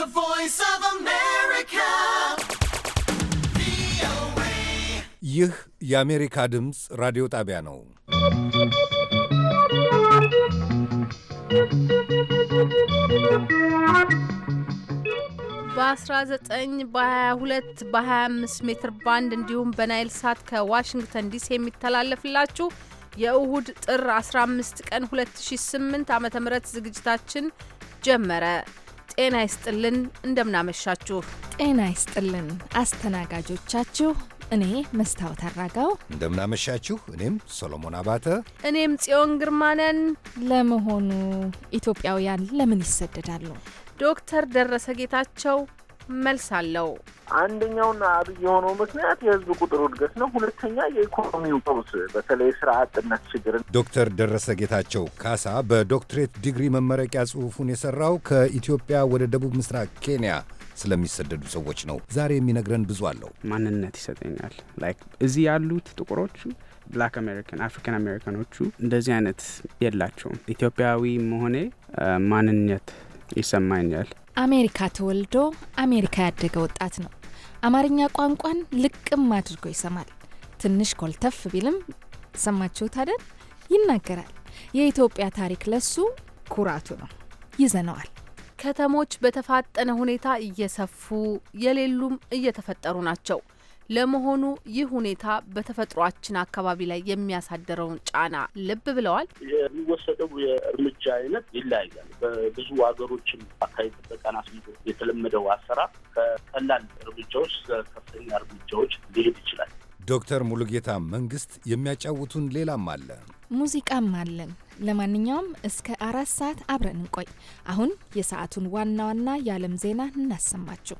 The voice of America. ይህ የአሜሪካ ድምፅ ራዲዮ ጣቢያ ነው። በ19 በ22 በ25 ሜትር ባንድ እንዲሁም በናይል ሳት ከዋሽንግተን ዲሲ የሚተላለፍላችሁ የእሁድ ጥር 15 ቀን 2008 ዓ ም ዝግጅታችን ጀመረ። ጤና ይስጥልን። እንደምናመሻችሁ። ጤና ይስጥልን። አስተናጋጆቻችሁ እኔ መስታወት አራጋው። እንደምናመሻችሁ። እኔም ሶሎሞን አባተ፣ እኔም ጽዮን ግርማነን። ለመሆኑ ኢትዮጵያውያን ለምን ይሰደዳሉ? ዶክተር ደረሰ ጌታቸው መልስ አለው። አንደኛውና አብይ የሆነው ምክንያት የህዝብ ቁጥር እድገት ነው። ሁለተኛ የኢኮኖሚው ቀውስ፣ በተለይ ስራ አጥነት ችግር። ዶክተር ደረሰ ጌታቸው ካሳ በዶክትሬት ዲግሪ መመረቂያ ጽሑፉን የሰራው ከኢትዮጵያ ወደ ደቡብ ምስራቅ ኬንያ ስለሚሰደዱ ሰዎች ነው። ዛሬ የሚነግረን ብዙ አለው። ማንነት ይሰጠኛል። ላይክ እዚህ ያሉት ጥቁሮቹ ብላክ አሜሪካን አፍሪካን አሜሪካኖቹ እንደዚህ አይነት የላቸውም። ኢትዮጵያዊ መሆኔ ማንነት ይሰማኛል። አሜሪካ ተወልዶ አሜሪካ ያደገ ወጣት ነው። አማርኛ ቋንቋን ልቅም አድርጎ ይሰማል። ትንሽ ኮልተፍ ቢልም ሰማችሁት አይደል? ይናገራል። የኢትዮጵያ ታሪክ ለሱ ኩራቱ ነው። ይዘነዋል። ከተሞች በተፋጠነ ሁኔታ እየሰፉ የሌሉም እየተፈጠሩ ናቸው። ለመሆኑ ይህ ሁኔታ በተፈጥሯችን አካባቢ ላይ የሚያሳደረውን ጫና ልብ ብለዋል? የሚወሰደው የእርምጃ አይነት ይለያያል። በብዙ ሀገሮችም አካባቢ ጥበቃን የተለመደው አሰራር ከቀላል እርምጃዎች ከፍተኛ እርምጃዎች ሊሄድ ይችላል። ዶክተር ሙሉጌታ መንግስት የሚያጫውቱን ሌላም አለ፣ ሙዚቃም አለን። ለማንኛውም እስከ አራት ሰዓት አብረን እንቆይ። አሁን የሰዓቱን ዋና ዋና የዓለም ዜና እናሰማችሁ።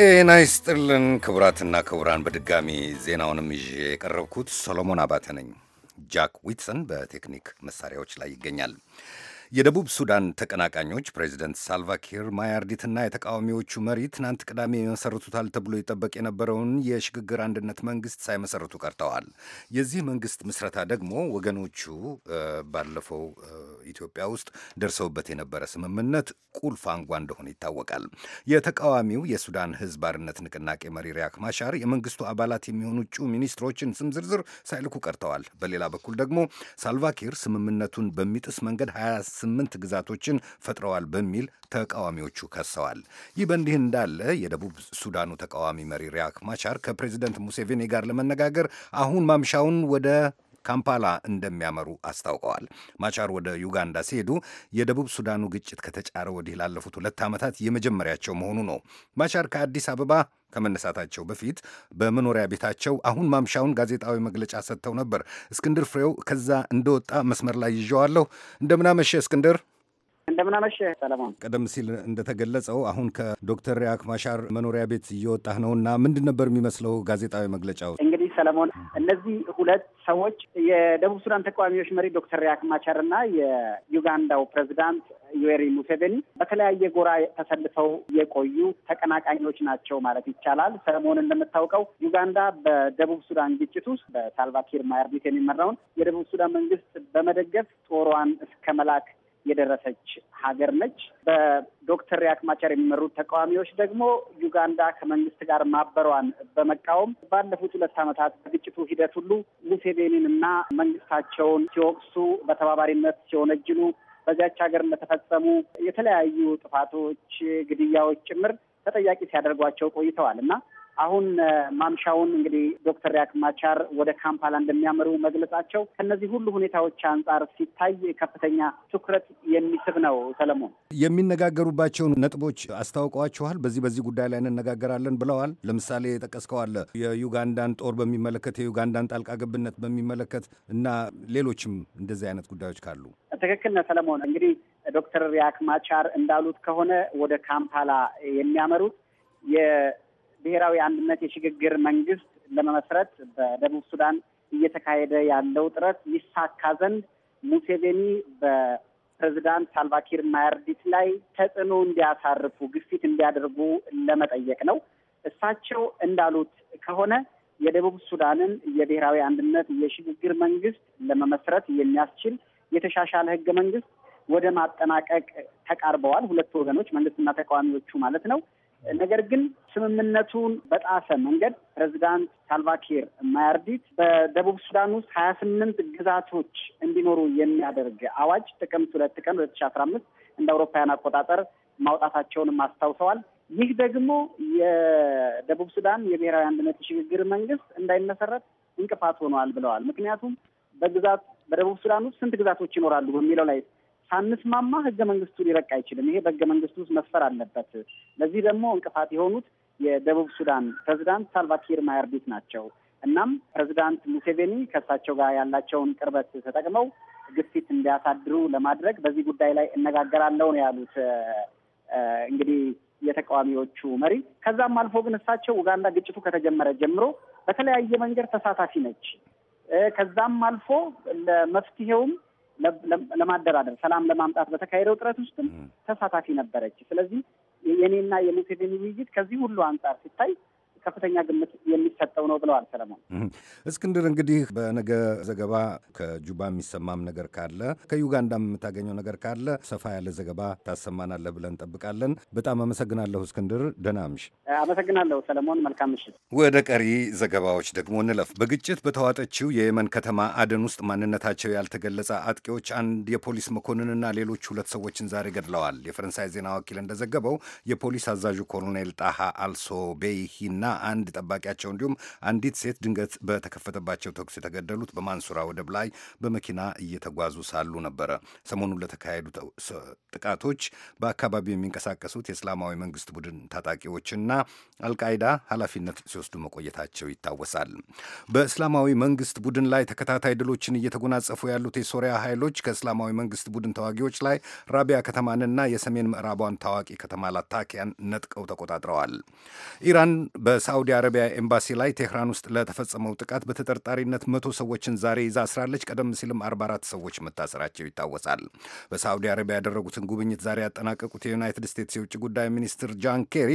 ጤና ይስጥልን ክቡራትና ክቡራን፣ በድጋሚ ዜናውንም ይዤ የቀረብኩት ሶሎሞን አባተ ነኝ። ጃክ ዊትሰን በቴክኒክ መሳሪያዎች ላይ ይገኛል። የደቡብ ሱዳን ተቀናቃኞች ፕሬዚደንት ሳልቫኪር ማያርዲትና የተቃዋሚዎቹ መሪ ትናንት ቅዳሜ የመሰረቱታል ተብሎ ይጠበቅ የነበረውን የሽግግር አንድነት መንግስት ሳይመሰርቱ ቀርተዋል። የዚህ መንግስት ምስረታ ደግሞ ወገኖቹ ባለፈው ኢትዮጵያ ውስጥ ደርሰውበት የነበረ ስምምነት ቁልፍ አንጓ እንደሆነ ይታወቃል። የተቃዋሚው የሱዳን ህዝብ አርነት ንቅናቄ መሪ ሪያክ ማሻር የመንግስቱ አባላት የሚሆኑ እጩ ሚኒስትሮችን ስም ዝርዝር ሳይልኩ ቀርተዋል። በሌላ በኩል ደግሞ ሳልቫኪር ስምምነቱን በሚጥስ መንገድ ስምንት ግዛቶችን ፈጥረዋል በሚል ተቃዋሚዎቹ ከሰዋል። ይህ በእንዲህ እንዳለ የደቡብ ሱዳኑ ተቃዋሚ መሪ ሪያክ ማቻር ከፕሬዚደንት ሙሴቬኒ ጋር ለመነጋገር አሁን ማምሻውን ወደ ካምፓላ እንደሚያመሩ አስታውቀዋል። ማቻር ወደ ዩጋንዳ ሲሄዱ የደቡብ ሱዳኑ ግጭት ከተጫረ ወዲህ ላለፉት ሁለት ዓመታት የመጀመሪያቸው መሆኑ ነው። ማቻር ከአዲስ አበባ ከመነሳታቸው በፊት በመኖሪያ ቤታቸው አሁን ማምሻውን ጋዜጣዊ መግለጫ ሰጥተው ነበር። እስክንድር ፍሬው ከዛ እንደወጣ መስመር ላይ ይዤዋለሁ። እንደምናመሸ እስክንድር እንደምናመሸ ሰለሞን። ቀደም ሲል እንደተገለጸው አሁን ከዶክተር ሪያክ ማሻር መኖሪያ ቤት እየወጣህ ነው እና ምንድን ነበር የሚመስለው ጋዜጣዊ መግለጫው? እንግዲህ ሰለሞን፣ እነዚህ ሁለት ሰዎች የደቡብ ሱዳን ተቃዋሚዎች መሪ ዶክተር ሪያክ ማቻር እና የዩጋንዳው ፕሬዚዳንት ዩዌሪ ሙሴቬኒ በተለያየ ጎራ ተሰልፈው የቆዩ ተቀናቃኞች ናቸው ማለት ይቻላል። ሰለሞን እንደምታውቀው ዩጋንዳ በደቡብ ሱዳን ግጭት ውስጥ በሳልቫኪር ማያርዲት የሚመራውን የደቡብ ሱዳን መንግስት በመደገፍ ጦሯን እስከ መላክ የደረሰች ሀገር ነች። በዶክተር ሪያክ ማቻር የሚመሩት ተቃዋሚዎች ደግሞ ዩጋንዳ ከመንግስት ጋር ማበሯን በመቃወም ባለፉት ሁለት ዓመታት በግጭቱ ሂደት ሁሉ ሙሴቬኒን እና መንግስታቸውን ሲወቅሱ፣ በተባባሪነት ሲወነጅሉ በዚያች ሀገር እንደተፈጸሙ የተለያዩ ጥፋቶች፣ ግድያዎች ጭምር ተጠያቂ ሲያደርጓቸው ቆይተዋል እና አሁን ማምሻውን እንግዲህ ዶክተር ሪያክ ማቻር ወደ ካምፓላ እንደሚያምሩ መግለጻቸው ከእነዚህ ሁሉ ሁኔታዎች አንጻር ሲታይ ከፍተኛ ትኩረት የሚስብ ነው። ሰለሞን የሚነጋገሩባቸውን ነጥቦች አስታውቀዋችኋል። በዚህ በዚህ ጉዳይ ላይ እንነጋገራለን ብለዋል። ለምሳሌ የጠቀስከው የዩጋንዳን ጦር በሚመለከት የዩጋንዳን ጣልቃ ገብነት በሚመለከት እና ሌሎችም እንደዚህ አይነት ጉዳዮች ካሉ ትክክል ነው ሰለሞን። እንግዲህ ዶክተር ሪያክ ማቻር እንዳሉት ከሆነ ወደ ካምፓላ የሚያመሩት ብሔራዊ አንድነት የሽግግር መንግስት ለመመስረት በደቡብ ሱዳን እየተካሄደ ያለው ጥረት ይሳካ ዘንድ ሙሴቬኒ በፕሬዚዳንት ሳልቫኪር ማያርዲት ላይ ተጽዕኖ እንዲያሳርፉ ግፊት እንዲያደርጉ ለመጠየቅ ነው። እሳቸው እንዳሉት ከሆነ የደቡብ ሱዳንን የብሔራዊ አንድነት የሽግግር መንግስት ለመመስረት የሚያስችል የተሻሻለ ህገ መንግስት ወደ ማጠናቀቅ ተቃርበዋል። ሁለቱ ወገኖች መንግስትና ተቃዋሚዎቹ ማለት ነው። ነገር ግን ስምምነቱን በጣሰ መንገድ ፕሬዚዳንት ሳልቫኪር ማያርዲት በደቡብ ሱዳን ውስጥ ሀያ ስምንት ግዛቶች እንዲኖሩ የሚያደርግ አዋጅ ጥቅምት ሁለት ቀን ሁለት ሺ አስራ አምስት እንደ አውሮፓውያን አቆጣጠር ማውጣታቸውንም አስታውሰዋል። ይህ ደግሞ የደቡብ ሱዳን የብሔራዊ አንድነት የሽግግር መንግስት እንዳይመሰረት እንቅፋት ሆኗል ብለዋል። ምክንያቱም በግዛት በደቡብ ሱዳን ውስጥ ስንት ግዛቶች ይኖራሉ በሚለው ላይ ሳንስማማ ህገ መንግስቱ ሊረቅ አይችልም። ይሄ በህገ መንግስቱ ውስጥ መስፈር አለበት። ለዚህ ደግሞ እንቅፋት የሆኑት የደቡብ ሱዳን ፕሬዚዳንት ሳልቫኪር ማያርዲት ናቸው። እናም ፕሬዚዳንት ሙሴቬኒ ከእሳቸው ጋር ያላቸውን ቅርበት ተጠቅመው ግፊት እንዲያሳድሩ ለማድረግ በዚህ ጉዳይ ላይ እነጋገራለሁ ነው ያሉት። እንግዲህ የተቃዋሚዎቹ መሪ ከዛም አልፎ ግን እሳቸው ኡጋንዳ ግጭቱ ከተጀመረ ጀምሮ በተለያየ መንገድ ተሳታፊ ነች። ከዛም አልፎ ለመፍትሄውም ለማደራደር ሰላም ለማምጣት በተካሄደው ጥረት ውስጥም ተሳታፊ ነበረች። ስለዚህ የእኔና የሙሴቬኒ ውይይት ከዚህ ሁሉ አንጻር ሲታይ ከፍተኛ ግምት የሚሰጠው ነው ብለዋል። ሰለሞን እስክንድር፣ እንግዲህ በነገ ዘገባ ከጁባ የሚሰማም ነገር ካለ ከዩጋንዳም የምታገኘው ነገር ካለ ሰፋ ያለ ዘገባ ታሰማናለህ ብለን እንጠብቃለን። በጣም አመሰግናለሁ እስክንድር። ደህና ምሽት። አመሰግናለሁ ሰለሞን። መልካም ምሽት። ወደ ቀሪ ዘገባዎች ደግሞ እንለፍ። በግጭት በተዋጠችው የየመን ከተማ አደን ውስጥ ማንነታቸው ያልተገለጸ አጥቂዎች አንድ የፖሊስ መኮንንና ሌሎች ሁለት ሰዎችን ዛሬ ገድለዋል። የፈረንሳይ ዜና ወኪል እንደዘገበው የፖሊስ አዛዡ ኮሎኔል ጣሃ አልሶ ቤይሂና አንድ ጠባቂያቸው እንዲሁም አንዲት ሴት ድንገት በተከፈተባቸው ተኩስ የተገደሉት በማንሱራ ወደብ ላይ በመኪና እየተጓዙ ሳሉ ነበረ። ሰሞኑን ለተካሄዱ ጥቃቶች በአካባቢው የሚንቀሳቀሱት የእስላማዊ መንግስት ቡድን ታጣቂዎችና አልቃይዳ ኃላፊነት ሲወስዱ መቆየታቸው ይታወሳል። በእስላማዊ መንግስት ቡድን ላይ ተከታታይ ድሎችን እየተጎናጸፉ ያሉት የሶሪያ ኃይሎች ከእስላማዊ መንግስት ቡድን ተዋጊዎች ላይ ራቢያ ከተማንና የሰሜን ምዕራቧን ታዋቂ ከተማ ላታኪያን ነጥቀው ተቆጣጥረዋል። ኢራን በ በሳዑዲ አረቢያ ኤምባሲ ላይ ቴህራን ውስጥ ለተፈጸመው ጥቃት በተጠርጣሪነት መቶ ሰዎችን ዛሬ ይዛ አስራለች። ቀደም ሲልም 44 ሰዎች መታሰራቸው ይታወሳል። በሳዑዲ አረቢያ ያደረጉትን ጉብኝት ዛሬ ያጠናቀቁት የዩናይትድ ስቴትስ የውጭ ጉዳይ ሚኒስትር ጃን ኬሪ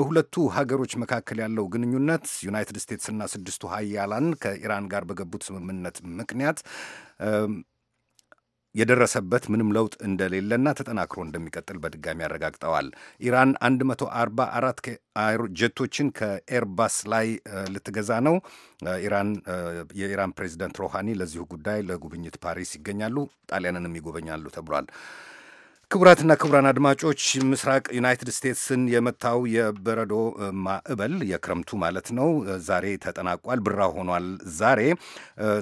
በሁለቱ ሀገሮች መካከል ያለው ግንኙነት ዩናይትድ ስቴትስና ስድስቱ ሀያላን ከኢራን ጋር በገቡት ስምምነት ምክንያት የደረሰበት ምንም ለውጥ እንደሌለና ተጠናክሮ እንደሚቀጥል በድጋሚ አረጋግጠዋል። ኢራን 144 ጀቶችን ከኤርባስ ላይ ልትገዛ ነው። ኢራን የኢራን ፕሬዚደንት ሮሃኒ ለዚሁ ጉዳይ ለጉብኝት ፓሪስ ይገኛሉ። ጣሊያንንም ይጎበኛሉ ተብሏል። ክቡራትና ክቡራን አድማጮች ምስራቅ ዩናይትድ ስቴትስን የመታው የበረዶ ማዕበል የክረምቱ ማለት ነው ዛሬ ተጠናቋል። ብራ ሆኗል። ዛሬ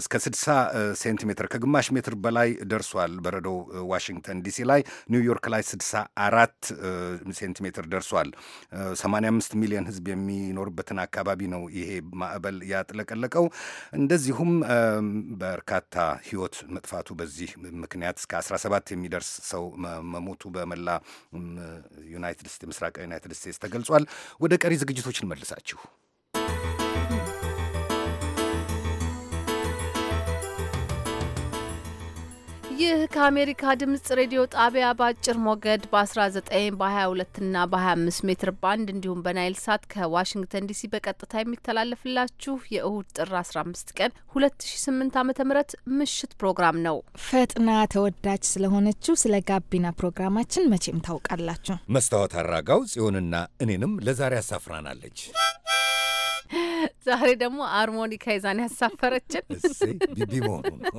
እስከ 60 ሴንቲሜትር ከግማሽ ሜትር በላይ ደርሷል። በረዶ ዋሽንግተን ዲሲ ላይ፣ ኒውዮርክ ላይ 64 ሴንቲሜትር ደርሷል። 85 ሚሊዮን ሕዝብ የሚኖርበትን አካባቢ ነው ይሄ ማዕበል ያጥለቀለቀው። እንደዚሁም በርካታ ሕይወት መጥፋቱ በዚህ ምክንያት እስከ 17 የሚደርስ ሰው መሞቱ በመላ ዩናይትድ ምስራቅ ዩናይትድ ስቴትስ ተገልጿል። ወደ ቀሪ ዝግጅቶች እንመልሳችሁ። ይህ ከአሜሪካ ድምጽ ሬዲዮ ጣቢያ በአጭር ሞገድ በ19 በ22 እና በ25 ሜትር ባንድ እንዲሁም በናይል ሳት ከዋሽንግተን ዲሲ በቀጥታ የሚተላለፍላችሁ የእሁድ ጥር 15 ቀን 2008 ዓ ም ምሽት ፕሮግራም ነው። ፈጥና ተወዳጅ ስለሆነችው ስለ ጋቢና ፕሮግራማችን መቼም ታውቃላችሁ። መስታወት አራጋው ጽዮንና እኔንም ለዛሬ አሳፍራናለች። ዛሬ ደግሞ አርሞኒካ ይዛን ያሳፈረችን ቢቢ መሆኑ ነው።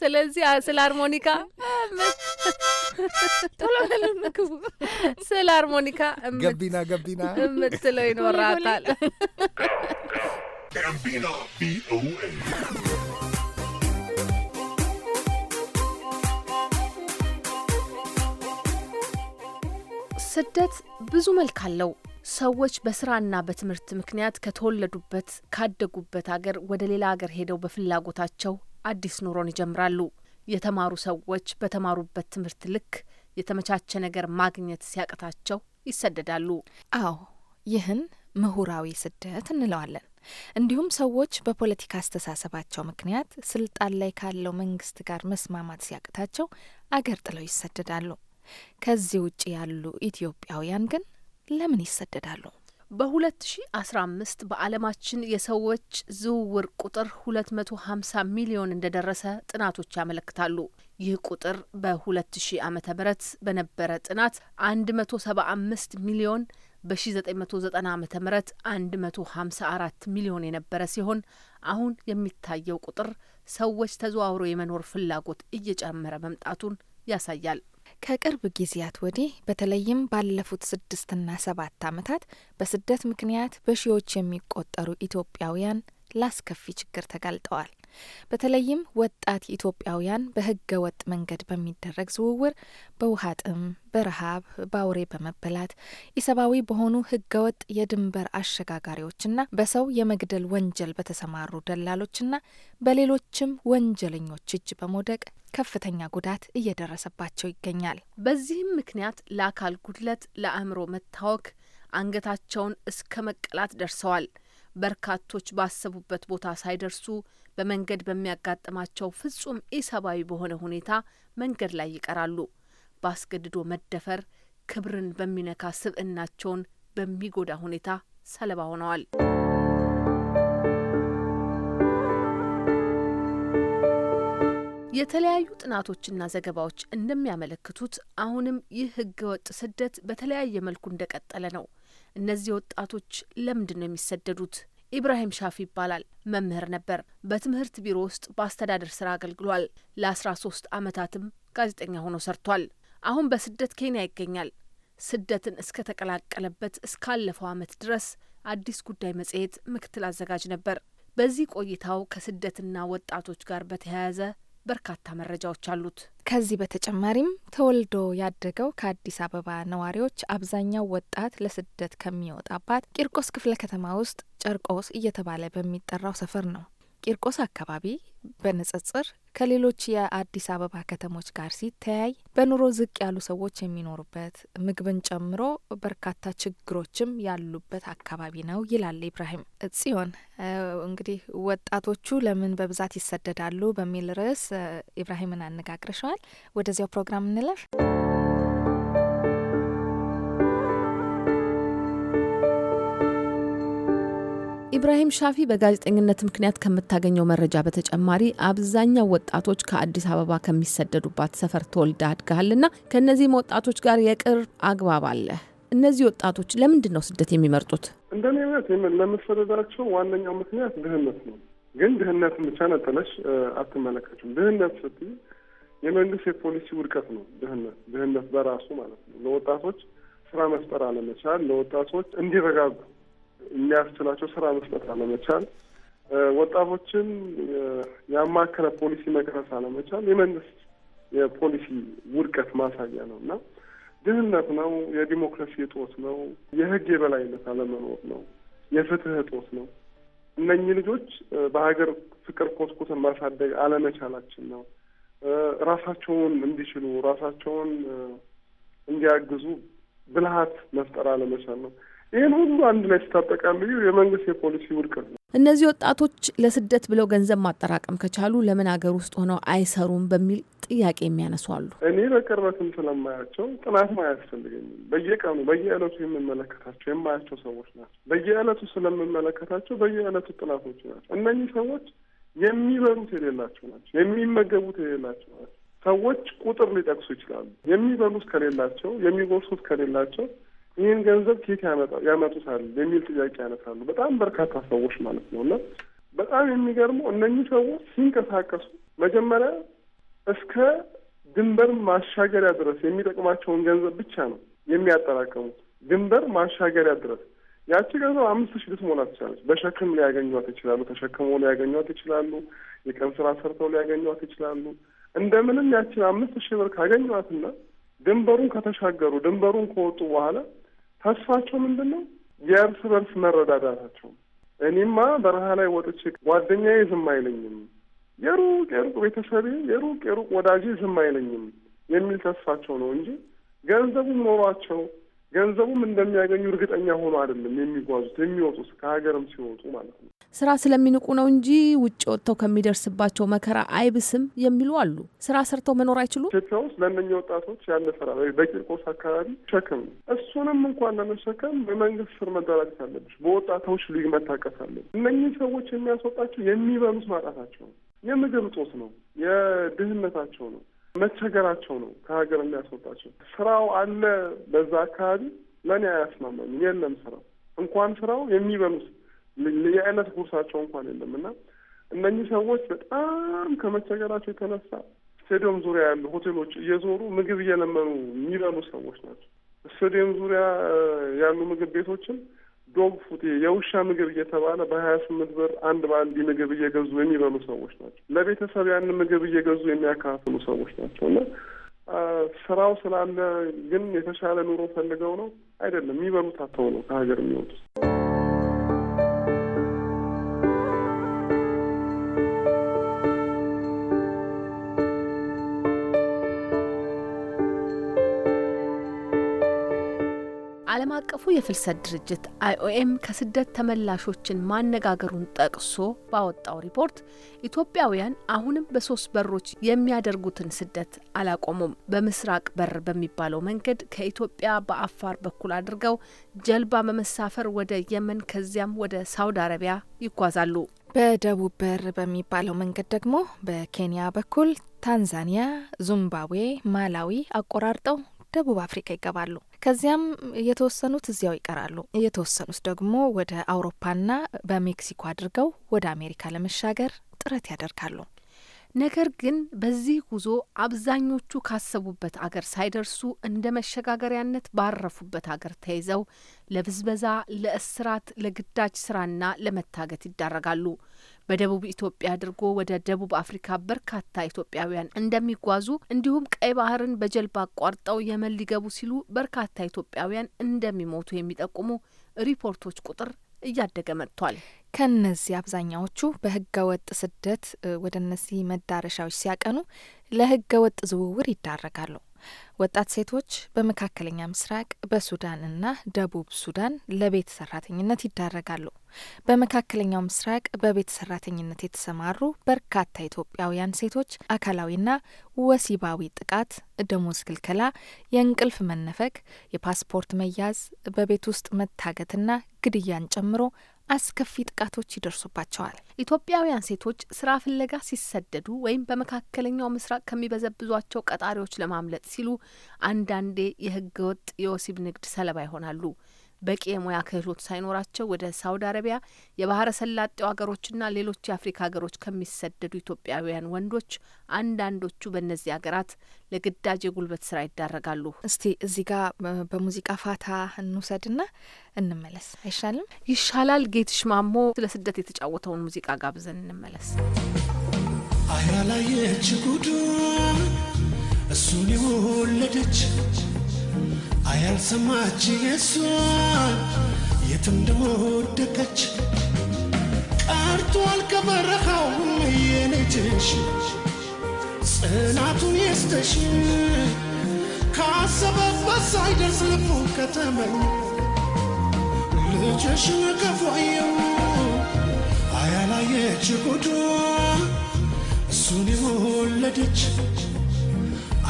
ስለዚህ ስለ አርሞኒካ ምግቡ ስለ አርሞኒካ ገቢና ገቢና የምትለው ይኖራታል። ስደት ብዙ መልክ አለው። ሰዎች በስራና በትምህርት ምክንያት ከተወለዱበት ካደጉበት አገር ወደ ሌላ አገር ሄደው በፍላጎታቸው አዲስ ኑሮን ይጀምራሉ። የተማሩ ሰዎች በተማሩበት ትምህርት ልክ የተመቻቸ ነገር ማግኘት ሲያቅታቸው ይሰደዳሉ። አዎ ይህን ምሁራዊ ስደት እንለዋለን። እንዲሁም ሰዎች በፖለቲካ አስተሳሰባቸው ምክንያት ስልጣን ላይ ካለው መንግስት ጋር መስማማት ሲያቅታቸው አገር ጥለው ይሰደዳሉ። ከዚህ ውጭ ያሉ ኢትዮጵያውያን ግን ለምን ይሰደዳሉ? በ2015 በዓለማችን የሰዎች ዝውውር ቁጥር 250 ሚሊዮን እንደደረሰ ጥናቶች ያመለክታሉ። ይህ ቁጥር በ2000 ዓ ም በነበረ ጥናት 175 ሚሊዮን በ1990 ዓ ም 154 ሚሊዮን የነበረ ሲሆን አሁን የሚታየው ቁጥር ሰዎች ተዘዋውሮ የመኖር ፍላጎት እየጨመረ መምጣቱን ያሳያል። ከቅርብ ጊዜያት ወዲህ በተለይም ባለፉት ስድስትና ሰባት አመታት በስደት ምክንያት በሺዎች የሚቆጠሩ ኢትዮጵያውያን ላስከፊ ችግር ተጋልጠዋል። በተለይም ወጣት ኢትዮጵያውያን በህገ ወጥ መንገድ በሚደረግ ዝውውር በውሃ ጥም፣ በረሃብ፣ በአውሬ በመበላት ኢሰብአዊ በሆኑ ህገ ወጥ የድንበር አሸጋጋሪዎችና በሰው የመግደል ወንጀል በተሰማሩ ደላሎችና በሌሎችም ወንጀለኞች እጅ በመውደቅ ከፍተኛ ጉዳት እየደረሰባቸው ይገኛል። በዚህም ምክንያት ለአካል ጉድለት፣ ለአእምሮ መታወክ፣ አንገታቸውን እስከ መቀላት ደርሰዋል። በርካቶች ባሰቡበት ቦታ ሳይደርሱ በመንገድ በሚያጋጥማቸው ፍጹም ኢሰብአዊ በሆነ ሁኔታ መንገድ ላይ ይቀራሉ። በአስገድዶ መደፈር፣ ክብርን በሚነካ ስብዕናቸውን በሚጎዳ ሁኔታ ሰለባ ሆነዋል። የተለያዩ ጥናቶችና ዘገባዎች እንደሚያመለክቱት አሁንም ይህ ህገወጥ ስደት በተለያየ መልኩ እንደቀጠለ ነው። እነዚህ ወጣቶች ለምንድን ነው የሚሰደዱት? ኢብራሂም ሻፊ ይባላል። መምህር ነበር። በትምህርት ቢሮ ውስጥ በአስተዳደር ስራ አገልግሏል። ለአስራ ሶስት አመታትም ጋዜጠኛ ሆኖ ሰርቷል። አሁን በስደት ኬንያ ይገኛል። ስደትን እስከ ተቀላቀለበት እስካለፈው አመት ድረስ አዲስ ጉዳይ መጽሔት ምክትል አዘጋጅ ነበር። በዚህ ቆይታው ከስደትና ወጣቶች ጋር በተያያዘ በርካታ መረጃዎች አሉት። ከዚህ በተጨማሪም ተወልዶ ያደገው ከአዲስ አበባ ነዋሪዎች አብዛኛው ወጣት ለስደት ከሚወጣባት ቂርቆስ ክፍለ ከተማ ውስጥ ጨርቆስ እየተባለ በሚጠራው ሰፈር ነው። ቂርቆስ አካባቢ በንጽጽር ከሌሎች የአዲስ አበባ ከተሞች ጋር ሲተያይ በኑሮ ዝቅ ያሉ ሰዎች የሚኖሩበት ምግብን ጨምሮ በርካታ ችግሮችም ያሉበት አካባቢ ነው ይላል ኢብራሂም ጽዮን። እንግዲህ ወጣቶቹ ለምን በብዛት ይሰደዳሉ በሚል ርዕስ ኢብራሂምን አነጋግረሸዋል። ወደዚያው ፕሮግራም እንለፍ። ኢብራሂም ሻፊ በጋዜጠኝነት ምክንያት ከምታገኘው መረጃ በተጨማሪ አብዛኛው ወጣቶች ከአዲስ አበባ ከሚሰደዱባት ሰፈር ተወልዳ አድገሃልና ከእነዚህም ወጣቶች ጋር የቅርብ አግባብ አለ። እነዚህ ወጣቶች ለምንድን ነው ስደት የሚመርጡት? እንደኔ እምነት ለመሰደዳቸው ዋነኛው ምክንያት ድህነት ነው። ግን ድህነትን ብቻ ነጥለሽ አትመለከችም። ድህነት ስትይ የመንግስት የፖሊሲ ውድቀት ነው። ድህነት ድህነት በራሱ ማለት ነው ለወጣቶች ስራ መፍጠር አለመቻል፣ ለወጣቶች እንዲረጋጉ የሚያስችላቸው ስራ መስጠት አለመቻል፣ ወጣቶችን ያማከለ ፖሊሲ መቅረስ አለመቻል የመንግስት የፖሊሲ ውድቀት ማሳያ ነው እና ድህነት ነው፣ የዲሞክራሲ እጦት ነው፣ የህግ የበላይነት አለመኖር ነው፣ የፍትህ እጦት ነው። እነኚህ ልጆች በሀገር ፍቅር ኮትኩተን ማሳደግ አለመቻላችን ነው። ራሳቸውን እንዲችሉ ራሳቸውን እንዲያግዙ ብልሃት መፍጠር አለመቻል ነው። ይህን ሁሉ አንድ ላይ ስታጠቃልዩ የመንግስት የፖሊሲ ውድቀት ነው። እነዚህ ወጣቶች ለስደት ብለው ገንዘብ ማጠራቀም ከቻሉ ለምን ሀገር ውስጥ ሆነው አይሰሩም በሚል ጥያቄ የሚያነሱ አሉ። እኔ በቅርበትም ስለማያቸው ጥናትም አያስፈልገኝም። በየቀኑ በየዕለቱ የምመለከታቸው የማያቸው ሰዎች ናቸው። በየዕለቱ ስለምመለከታቸው በየዕለቱ ጥናቶች ናቸው። እነኚህ ሰዎች የሚበሉት የሌላቸው ናቸው። የሚመገቡት የሌላቸው ናቸው። ሰዎች ቁጥር ሊጠቅሱ ይችላሉ። የሚበሉት ከሌላቸው፣ የሚጎርሱት ከሌላቸው ይህን ገንዘብ ኬት ያመጡታል የሚል ጥያቄ ያነሳሉ። በጣም በርካታ ሰዎች ማለት ነው። እና በጣም የሚገርመው እነኚህ ሰዎች ሲንቀሳቀሱ መጀመሪያ እስከ ድንበር ማሻገሪያ ድረስ የሚጠቅማቸውን ገንዘብ ብቻ ነው የሚያጠራቀሙት። ድንበር ማሻገሪያ ድረስ ያቺ ገንዘብ አምስት ሺህ ልትሞላ ትችላለች። በሸክም ሊያገኟት ይችላሉ። ተሸክመው ሊያገኟት ይችላሉ። የቀን ስራ ሰርተው ሊያገኟት ይችላሉ። እንደምንም ያችን አምስት ሺህ ብር ካገኟትና ድንበሩን ከተሻገሩ ድንበሩን ከወጡ በኋላ ተስፋቸው ምንድን ነው? የእርስ በርስ መረዳዳታቸው። እኔማ በረሃ ላይ ወጥቼ ጓደኛዬ ዝም አይለኝም፣ የሩቅ የሩቅ ቤተሰቤ፣ የሩቅ የሩቅ ወዳጄ ዝም አይለኝም የሚል ተስፋቸው ነው እንጂ ገንዘቡ ኖሯቸው ገንዘቡም እንደሚያገኙ እርግጠኛ ሆኖ አይደለም የሚጓዙት የሚወጡት ከሀገርም ሲወጡ ማለት ነው። ስራ ስለሚንቁ ነው እንጂ ውጭ ወጥተው ከሚደርስባቸው መከራ አይብስም የሚሉ አሉ። ስራ ሰርተው መኖር አይችሉም። ኢትዮጵያ ውስጥ ለእነኛ ወጣቶች ያለ ስራ በቂርቆስ አካባቢ ሸክም ነው። እሱንም እንኳን ለመሸከም በመንግስት ስር መደራጀት አለብሽ። በወጣቶች ሊግ መታቀስ አለብሽ። እነኚህ ሰዎች የሚያስወጣቸው የሚበሉት ማጣታቸው ነው፣ የምግብ እጦት ነው፣ የድህነታቸው ነው። መቸገራቸው ነው ከሀገር የሚያስወጣቸው። ስራው አለ በዛ አካባቢ ለእኔ አያስማማኝም። የለም ስራው እንኳን ስራው የሚበሉት የአይነት ጉርሳቸው እንኳን የለም እና እነኚህ ሰዎች በጣም ከመቸገራቸው የተነሳ ስቴዲየም ዙሪያ ያሉ ሆቴሎች እየዞሩ ምግብ እየለመኑ የሚበሉ ሰዎች ናቸው። ስቴዲየም ዙሪያ ያሉ ምግብ ቤቶችም ዶግ ፉቴ የውሻ ምግብ እየተባለ በሀያ ስምንት ብር አንድ በአንድ ምግብ እየገዙ የሚበሉ ሰዎች ናቸው። ለቤተሰብ ያን ምግብ እየገዙ የሚያካፍሉ ሰዎች ናቸው እና ስራው ስላለ ግን የተሻለ ኑሮ ፈልገው ነው አይደለም የሚበሉት አተው ነው ከሀገር የሚወጡት። አቀፉ የፍልሰት ድርጅት አይኦኤም ከስደት ተመላሾችን ማነጋገሩን ጠቅሶ ባወጣው ሪፖርት ኢትዮጵያውያን አሁንም በሶስት በሮች የሚያደርጉትን ስደት አላቆሙም። በምስራቅ በር በሚባለው መንገድ ከኢትዮጵያ በአፋር በኩል አድርገው ጀልባ በመሳፈር ወደ የመን ከዚያም ወደ ሳውዲ አረቢያ ይጓዛሉ። በደቡብ በር በሚባለው መንገድ ደግሞ በኬንያ በኩል ታንዛኒያ፣ ዚምባብዌ፣ ማላዊ አቆራርጠው ደቡብ አፍሪካ ይገባሉ። ከዚያም የተወሰኑት እዚያው ይቀራሉ። የተወሰኑት ደግሞ ወደ አውሮፓና በሜክሲኮ አድርገው ወደ አሜሪካ ለመሻገር ጥረት ያደርጋሉ። ነገር ግን በዚህ ጉዞ አብዛኞቹ ካሰቡበት አገር ሳይደርሱ እንደ መሸጋገሪያነት ባረፉበት አገር ተይዘው ለብዝበዛ፣ ለእስራት፣ ለግዳጅ ስራና ለመታገት ይዳረጋሉ። በደቡብ ኢትዮጵያ አድርጎ ወደ ደቡብ አፍሪካ በርካታ ኢትዮጵያውያን እንደሚጓዙ እንዲሁም ቀይ ባህርን በጀልባ አቋርጠው የመን ሊገቡ ሲሉ በርካታ ኢትዮጵያውያን እንደሚሞቱ የሚጠቁሙ ሪፖርቶች ቁጥር እያደገ መጥቷል። ከነዚህ አብዛኛዎቹ በህገ ወጥ ስደት ወደ እነዚህ መዳረሻዎች ሲያቀኑ ለህገ ወጥ ዝውውር ይዳረጋሉ። ወጣት ሴቶች በመካከለኛ ምስራቅ በሱዳንና ደቡብ ሱዳን ለቤት ሰራተኝነት ይዳረጋሉ። በመካከለኛው ምስራቅ በቤት ሰራተኝነት የተሰማሩ በርካታ ኢትዮጵያውያን ሴቶች አካላዊና ወሲባዊ ጥቃት፣ ደሞዝ ክልከላ፣ የእንቅልፍ መነፈግ፣ የፓስፖርት መያዝ፣ በቤት ውስጥ መታገትና ግድያን ጨምሮ አስከፊ ጥቃቶች ይደርሱባቸዋል። ኢትዮጵያውያን ሴቶች ስራ ፍለጋ ሲሰደዱ ወይም በመካከለኛው ምስራቅ ከሚበዘብዟቸው ቀጣሪዎች ለማምለጥ ሲሉ አንዳንዴ የህገ ወጥ የወሲብ ንግድ ሰለባ ይሆናሉ። በቂ የሙያ ክህሎት ሳይኖራቸው ወደ ሳውዲ አረቢያ የባህረ ሰላጤው ሀገሮችና ሌሎች የአፍሪካ ሀገሮች ከሚሰደዱ ኢትዮጵያውያን ወንዶች አንዳንዶቹ በእነዚህ ሀገራት ለግዳጅ የጉልበት ስራ ይዳረጋሉ። እስቲ እዚህ ጋር በሙዚቃ ፋታ እንውሰድና እንመለስ አይሻልም? ይሻላል። ጌትሽ ማሞ ስለ ስደት የተጫወተውን ሙዚቃ ጋብዘን እንመለስ። አያላየች ጉዱ እሱን የወለደች አያልሰማች የሷን የት እንደወደቀች ቀርቷል ከበረሃውም የኔትሽ ጽናቱን የስተሽ ካሰበበት ሳይደርስ ልቡ ከተመኝ ልጅሽን ከፏየው አያላየች ጉዱ እሱን የወለደች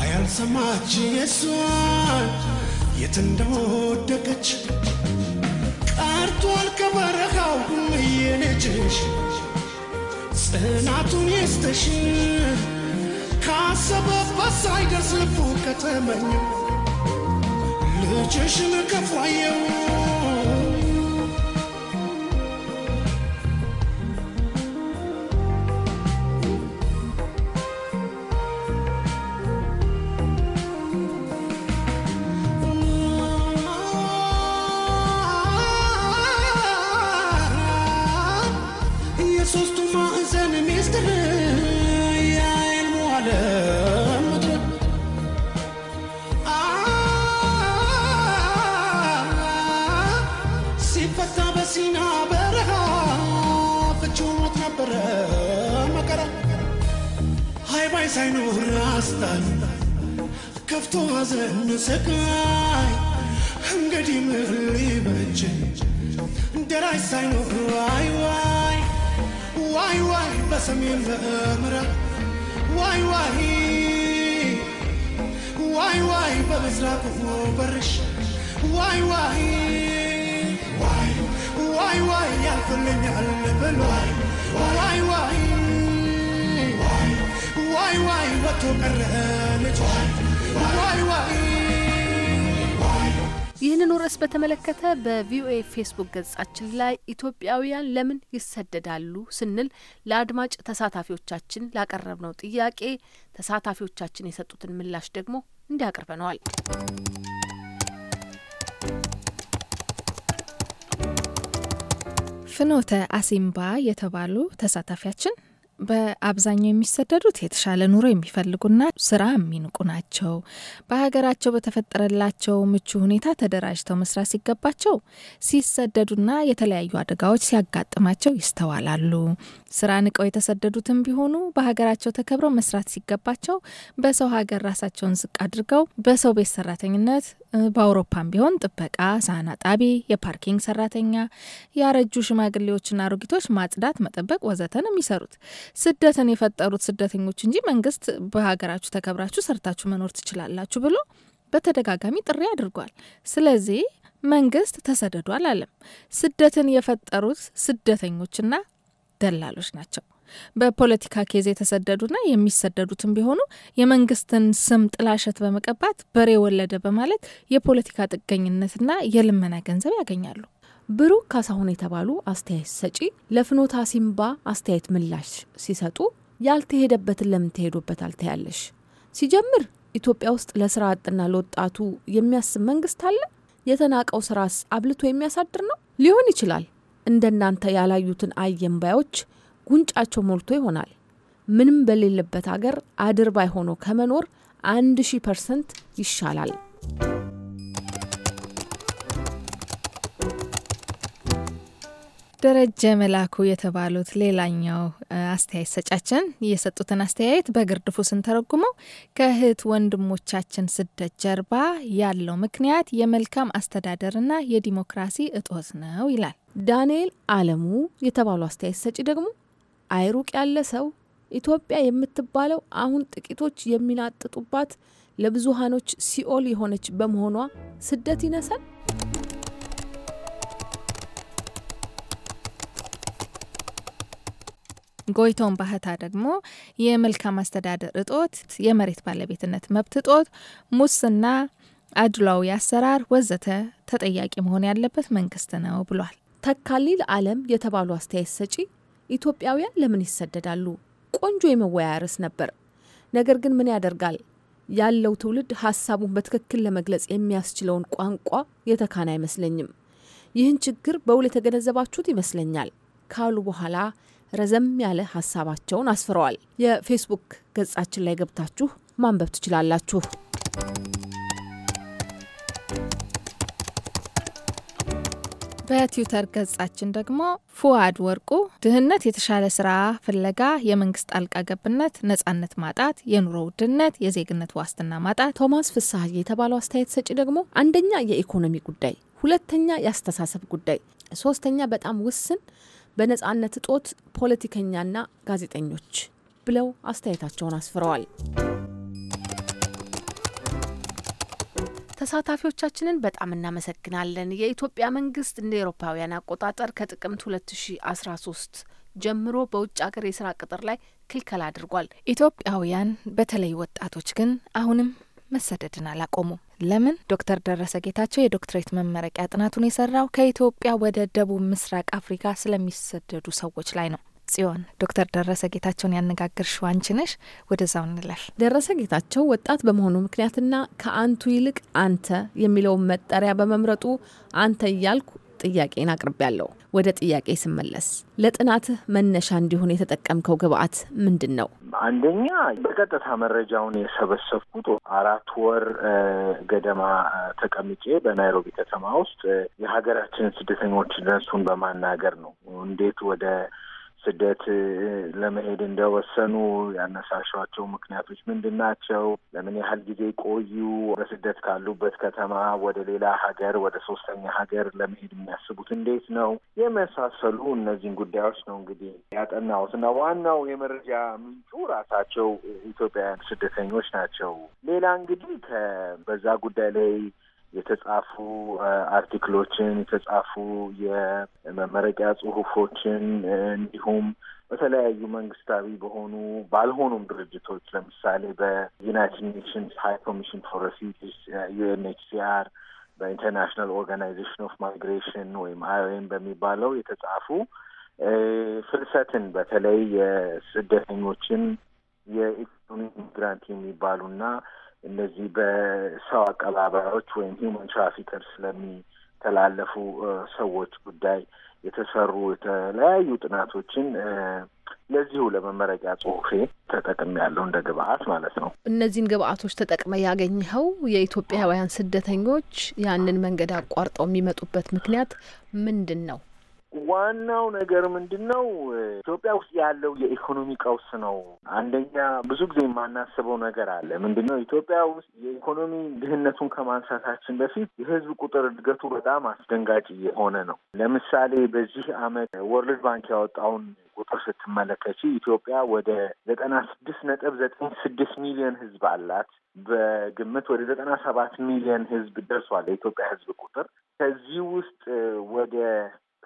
አያልሰማች የሷን የት እንደወደቀች ቀርቷል ከበረሃው የነጭሽ ጽናቱን የስተሽ ካሰበበት ሳይደርስ ልቡ ከተመኘ ልጅሽን ከፏየው ስቃይ እንግዲህ ምን ሊበጀን ደራሽ ሳይኖር ዋይ ዋይ ዋይ ዋይ በሰሜን በምዕራብ ዋይ ዋይ ዋይ ዋይ በምስራቅ በርሽ ዋይ ዋይ ዋይ ዋይ ያልፍልኛል ብሎ ዋይ ዋይ ዋይ ዋይ ወጥቶ ቀረ ልጅ ዋይ ዋይ ይህንኑ ርዕስ በተመለከተ በቪኦኤ ፌስቡክ ገጻችን ላይ ኢትዮጵያውያን ለምን ይሰደዳሉ ስንል ለአድማጭ ተሳታፊዎቻችን ላቀረብነው ጥያቄ ተሳታፊዎቻችን የሰጡትን ምላሽ ደግሞ እንዲያቀርበነዋል። ፍኖተ አሲምባ የተባሉ ተሳታፊያችን በአብዛኛው የሚሰደዱት የተሻለ ኑሮ የሚፈልጉና ስራ የሚንቁ ናቸው። በሀገራቸው በተፈጠረላቸው ምቹ ሁኔታ ተደራጅተው መስራት ሲገባቸው ሲሰደዱና የተለያዩ አደጋዎች ሲያጋጥማቸው ይስተዋላሉ። ስራ ንቀው የተሰደዱትም ቢሆኑ በሀገራቸው ተከብረው መስራት ሲገባቸው በሰው ሀገር ራሳቸውን ዝቅ አድርገው በሰው ቤት ሰራተኝነት በአውሮፓም ቢሆን ጥበቃ፣ ሳህና ጣቢ፣ የፓርኪንግ ሰራተኛ፣ ያረጁ ሽማግሌዎችና አሮጊቶች ማጽዳት፣ መጠበቅ ወዘተ የሚሰሩት። ስደትን የፈጠሩት ስደተኞች እንጂ መንግስት በሀገራችሁ ተከብራችሁ ሰርታችሁ መኖር ትችላላችሁ ብሎ በተደጋጋሚ ጥሪ አድርጓል። ስለዚህ መንግስት ተሰደዱ አላለም። ስደትን የፈጠሩት ስደተኞችና ደላሎች ናቸው። በፖለቲካ ኬዝ የተሰደዱና የሚሰደዱትም ቢሆኑ የመንግስትን ስም ጥላሸት በመቀባት በሬ ወለደ በማለት የፖለቲካ ጥገኝነትና የልመና ገንዘብ ያገኛሉ። ብሩክ ካሳሁን የተባሉ አስተያየት ሰጪ ለፍኖታ ሲምባ አስተያየት ምላሽ ሲሰጡ ያልተሄደበትን ለምን ተሄዶበት አልተያለሽ? ሲጀምር ኢትዮጵያ ውስጥ ለስራ አጥና ለወጣቱ የሚያስብ መንግስት አለ? የተናቀው ስራስ አብልቶ የሚያሳድር ነው? ሊሆን ይችላል። እንደናንተ ያላዩትን አየን ባዮች ጉንጫቸው ሞልቶ ይሆናል። ምንም በሌለበት ሀገር አድርባይ ሆኖ ከመኖር አንድ ሺህ ፐርሰንት ይሻላል። ደረጀ መላኩ የተባሉት ሌላኛው አስተያየት ሰጫችን የሰጡትን አስተያየት በግርድፉ ስንተረጉመው ከእህት ወንድሞቻችን ስደት ጀርባ ያለው ምክንያት የመልካም አስተዳደርና የዲሞክራሲ እጦት ነው ይላል። ዳንኤል አለሙ የተባሉ አስተያየት ሰጪ ደግሞ አይሩቅ ያለ ሰው ኢትዮጵያ የምትባለው አሁን ጥቂቶች የሚናጥጡባት ለብዙሃኖች ሲኦል የሆነች በመሆኗ ስደት ይነሳል? ጎይቶም ባህታ ደግሞ የመልካም አስተዳደር እጦት፣ የመሬት ባለቤትነት መብት እጦት፣ ሙስና፣ አድሏዊ አሰራር ወዘተ ተጠያቂ መሆን ያለበት መንግስት ነው ብሏል። ተካሊል አለም የተባሉ አስተያየት ሰጪ ኢትዮጵያውያን ለምን ይሰደዳሉ? ቆንጆ የመወያያ ርዕስ ነበር። ነገር ግን ምን ያደርጋል ያለው ትውልድ ሀሳቡን በትክክል ለመግለጽ የሚያስችለውን ቋንቋ የተካን አይመስለኝም። ይህን ችግር በውል የተገነዘባችሁት ይመስለኛል ካሉ በኋላ ረዘም ያለ ሀሳባቸውን አስፍረዋል። የፌስቡክ ገጻችን ላይ ገብታችሁ ማንበብ ትችላላችሁ። በትዊተር ገጻችን ደግሞ ፉአድ ወርቁ ድህነት፣ የተሻለ ስራ ፍለጋ፣ የመንግስት ጣልቃ ገብነት፣ ነጻነት ማጣት፣ የኑሮ ውድነት፣ የዜግነት ዋስትና ማጣት። ቶማስ ፍስሀ የተባለው አስተያየት ሰጪ ደግሞ አንደኛ የኢኮኖሚ ጉዳይ፣ ሁለተኛ የአስተሳሰብ ጉዳይ፣ ሶስተኛ በጣም ውስን በነጻነት እጦት ፖለቲከኛና ጋዜጠኞች ብለው አስተያየታቸውን አስፍረዋል። ተሳታፊዎቻችንን በጣም እናመሰግናለን። የኢትዮጵያ መንግስት እንደ ኤሮፓውያን አቆጣጠር ከጥቅምት ሁለት ሺ አስራ ሶስት ጀምሮ በውጭ ሀገር የስራ ቅጥር ላይ ክልከላ አድርጓል። ኢትዮጵያውያን በተለይ ወጣቶች ግን አሁንም መሰደድን አላቆሙ። ለምን? ዶክተር ደረሰ ጌታቸው የዶክትሬት መመረቂያ ጥናቱን የሰራው ከኢትዮጵያ ወደ ደቡብ ምስራቅ አፍሪካ ስለሚሰደዱ ሰዎች ላይ ነው። ጽዮን ዶክተር ደረሰ ጌታቸውን ያነጋገርሽው አንቺ ነሽ። ወደዛው እንላል። ደረሰ ጌታቸው ወጣት በመሆኑ ምክንያትና ከአንቱ ይልቅ አንተ የሚለውን መጠሪያ በመምረጡ አንተ እያልኩ ጥያቄን ያለው ወደ ጥያቄ ስመለስ ለጥናትህ መነሻ እንዲሆን የተጠቀምከው ግብአት ምንድን ነው? አንደኛ በቀጥታ መረጃውን የሰበሰብኩት አራት ወር ገደማ ተቀምጬ በናይሮቢ ከተማ ውስጥ የሀገራችንን ስደተኞች እነሱን በማናገር ነው እንዴት ወደ ስደት ለመሄድ እንደወሰኑ ያነሳሿቸው ምክንያቶች ምንድን ናቸው? ለምን ያህል ጊዜ ቆዩ? በስደት ካሉበት ከተማ ወደ ሌላ ሀገር ወደ ሶስተኛ ሀገር ለመሄድ የሚያስቡት እንዴት ነው? የመሳሰሉ እነዚህን ጉዳዮች ነው እንግዲህ ያጠናሁት እና ዋናው የመረጃ ምንጩ ራሳቸው ኢትዮጵያውያን ስደተኞች ናቸው። ሌላ እንግዲህ በዛ ጉዳይ ላይ የተጻፉ አርቲክሎችን፣ የተጻፉ የመመረቂያ ጽሁፎችን እንዲሁም በተለያዩ መንግስታዊ በሆኑ ባልሆኑም ድርጅቶች ለምሳሌ በዩናይትድ ኔሽንስ ሀይ ኮሚሽን ፎር ሪፊውጂስ ዩኤንኤችሲአር በኢንተርናሽናል ኦርጋናይዜሽን ኦፍ ማይግሬሽን ወይም አይኦኤም በሚባለው የተጻፉ ፍልሰትን በተለይ የስደተኞችን የኢኮኖሚ ሚግራንት የሚባሉና እነዚህ በሰው አቀባባዮች ወይም ሂውማን ትራፊከር ስለሚተላለፉ ሰዎች ጉዳይ የተሰሩ የተለያዩ ጥናቶችን ለዚሁ ለመመረቂያ ጽሁፌ ተጠቅሜ ያለው እንደ ግብአት ማለት ነው። እነዚህን ግብአቶች ተጠቅመ ያገኘኸው የኢትዮጵያውያን ስደተኞች ያንን መንገድ አቋርጠው የሚመጡበት ምክንያት ምንድን ነው? ዋናው ነገር ምንድን ነው? ኢትዮጵያ ውስጥ ያለው የኢኮኖሚ ቀውስ ነው። አንደኛ ብዙ ጊዜ የማናስበው ነገር አለ። ምንድን ነው? ኢትዮጵያ ውስጥ የኢኮኖሚ ድህነቱን ከማንሳታችን በፊት የህዝብ ቁጥር እድገቱ በጣም አስደንጋጭ የሆነ ነው። ለምሳሌ በዚህ አመት ወርልድ ባንክ ያወጣውን ቁጥር ስትመለከች ኢትዮጵያ ወደ ዘጠና ስድስት ነጥብ ዘጠኝ ስድስት ሚሊዮን ህዝብ አላት። በግምት ወደ ዘጠና ሰባት ሚሊዮን ህዝብ ደርሷል የኢትዮጵያ ህዝብ ቁጥር። ከዚህ ውስጥ ወደ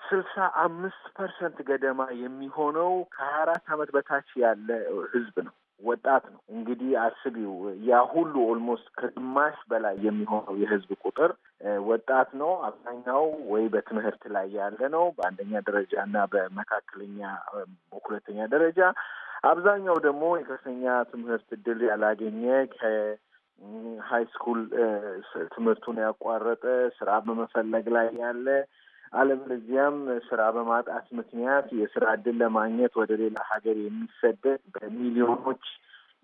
ስልሳ አምስት ፐርሰንት ገደማ የሚሆነው ከሀያ አራት ዓመት በታች ያለ ህዝብ ነው፣ ወጣት ነው። እንግዲህ አስቢው ያ ሁሉ ኦልሞስት ከግማሽ በላይ የሚሆነው የህዝብ ቁጥር ወጣት ነው። አብዛኛው ወይ በትምህርት ላይ ያለ ነው በአንደኛ ደረጃ እና በመካከለኛ ሁለተኛ ደረጃ፣ አብዛኛው ደግሞ የከፍተኛ ትምህርት እድል ያላገኘ ከሃይ ስኩል ትምህርቱን ያቋረጠ ስራ በመፈለግ ላይ ያለ አለበለዚያም ስራ በማጣት ምክንያት የስራ እድል ለማግኘት ወደ ሌላ ሀገር የሚሰደድ በሚሊዮኖች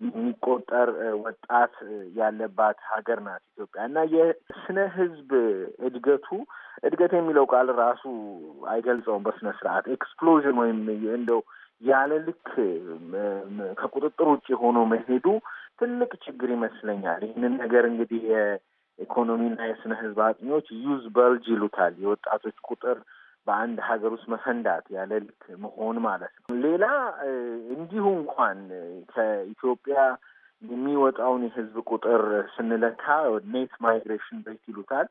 የሚቆጠር ወጣት ያለባት ሀገር ናት ኢትዮጵያ እና የስነ ህዝብ እድገቱ እድገት የሚለው ቃል ራሱ አይገልጸውም በስነ ስርዓት ኤክስፕሎዥን ወይም እንደው ያለ ልክ ከቁጥጥር ውጭ ሆኖ መሄዱ ትልቅ ችግር ይመስለኛል። ይህንን ነገር እንግዲህ ኢኮኖሚና የስነ ህዝብ አጥኚዎች ዩዝ በልጅ ይሉታል። የወጣቶች ቁጥር በአንድ ሀገር ውስጥ መፈንዳት ያለ ልክ መሆን ማለት ነው። ሌላ እንዲሁ እንኳን ከኢትዮጵያ የሚወጣውን የህዝብ ቁጥር ስንለካ ኔት ማይግሬሽን ሬት ይሉታል።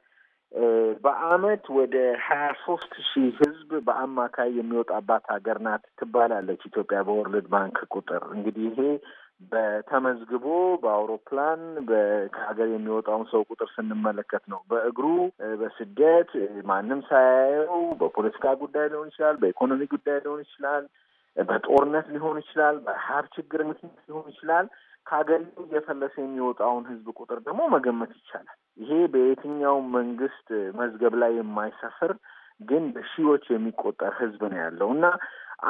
በአመት ወደ ሀያ ሶስት ሺህ ህዝብ በአማካይ የሚወጣባት ሀገር ናት ትባላለች ኢትዮጵያ በወርልድ ባንክ ቁጥር። እንግዲህ ይሄ በተመዝግቦ በአውሮፕላን ከሀገር የሚወጣውን ሰው ቁጥር ስንመለከት ነው። በእግሩ በስደት ማንም ሳያየው በፖለቲካ ጉዳይ ሊሆን ይችላል፣ በኢኮኖሚ ጉዳይ ሊሆን ይችላል፣ በጦርነት ሊሆን ይችላል፣ በረሀብ ችግር ምክንያት ሊሆን ይችላል። ከሀገር እየፈለሰ የሚወጣውን ህዝብ ቁጥር ደግሞ መገመት ይቻላል። ይሄ በየትኛው መንግስት መዝገብ ላይ የማይሰፍር ግን በሺዎች የሚቆጠር ህዝብ ነው ያለው እና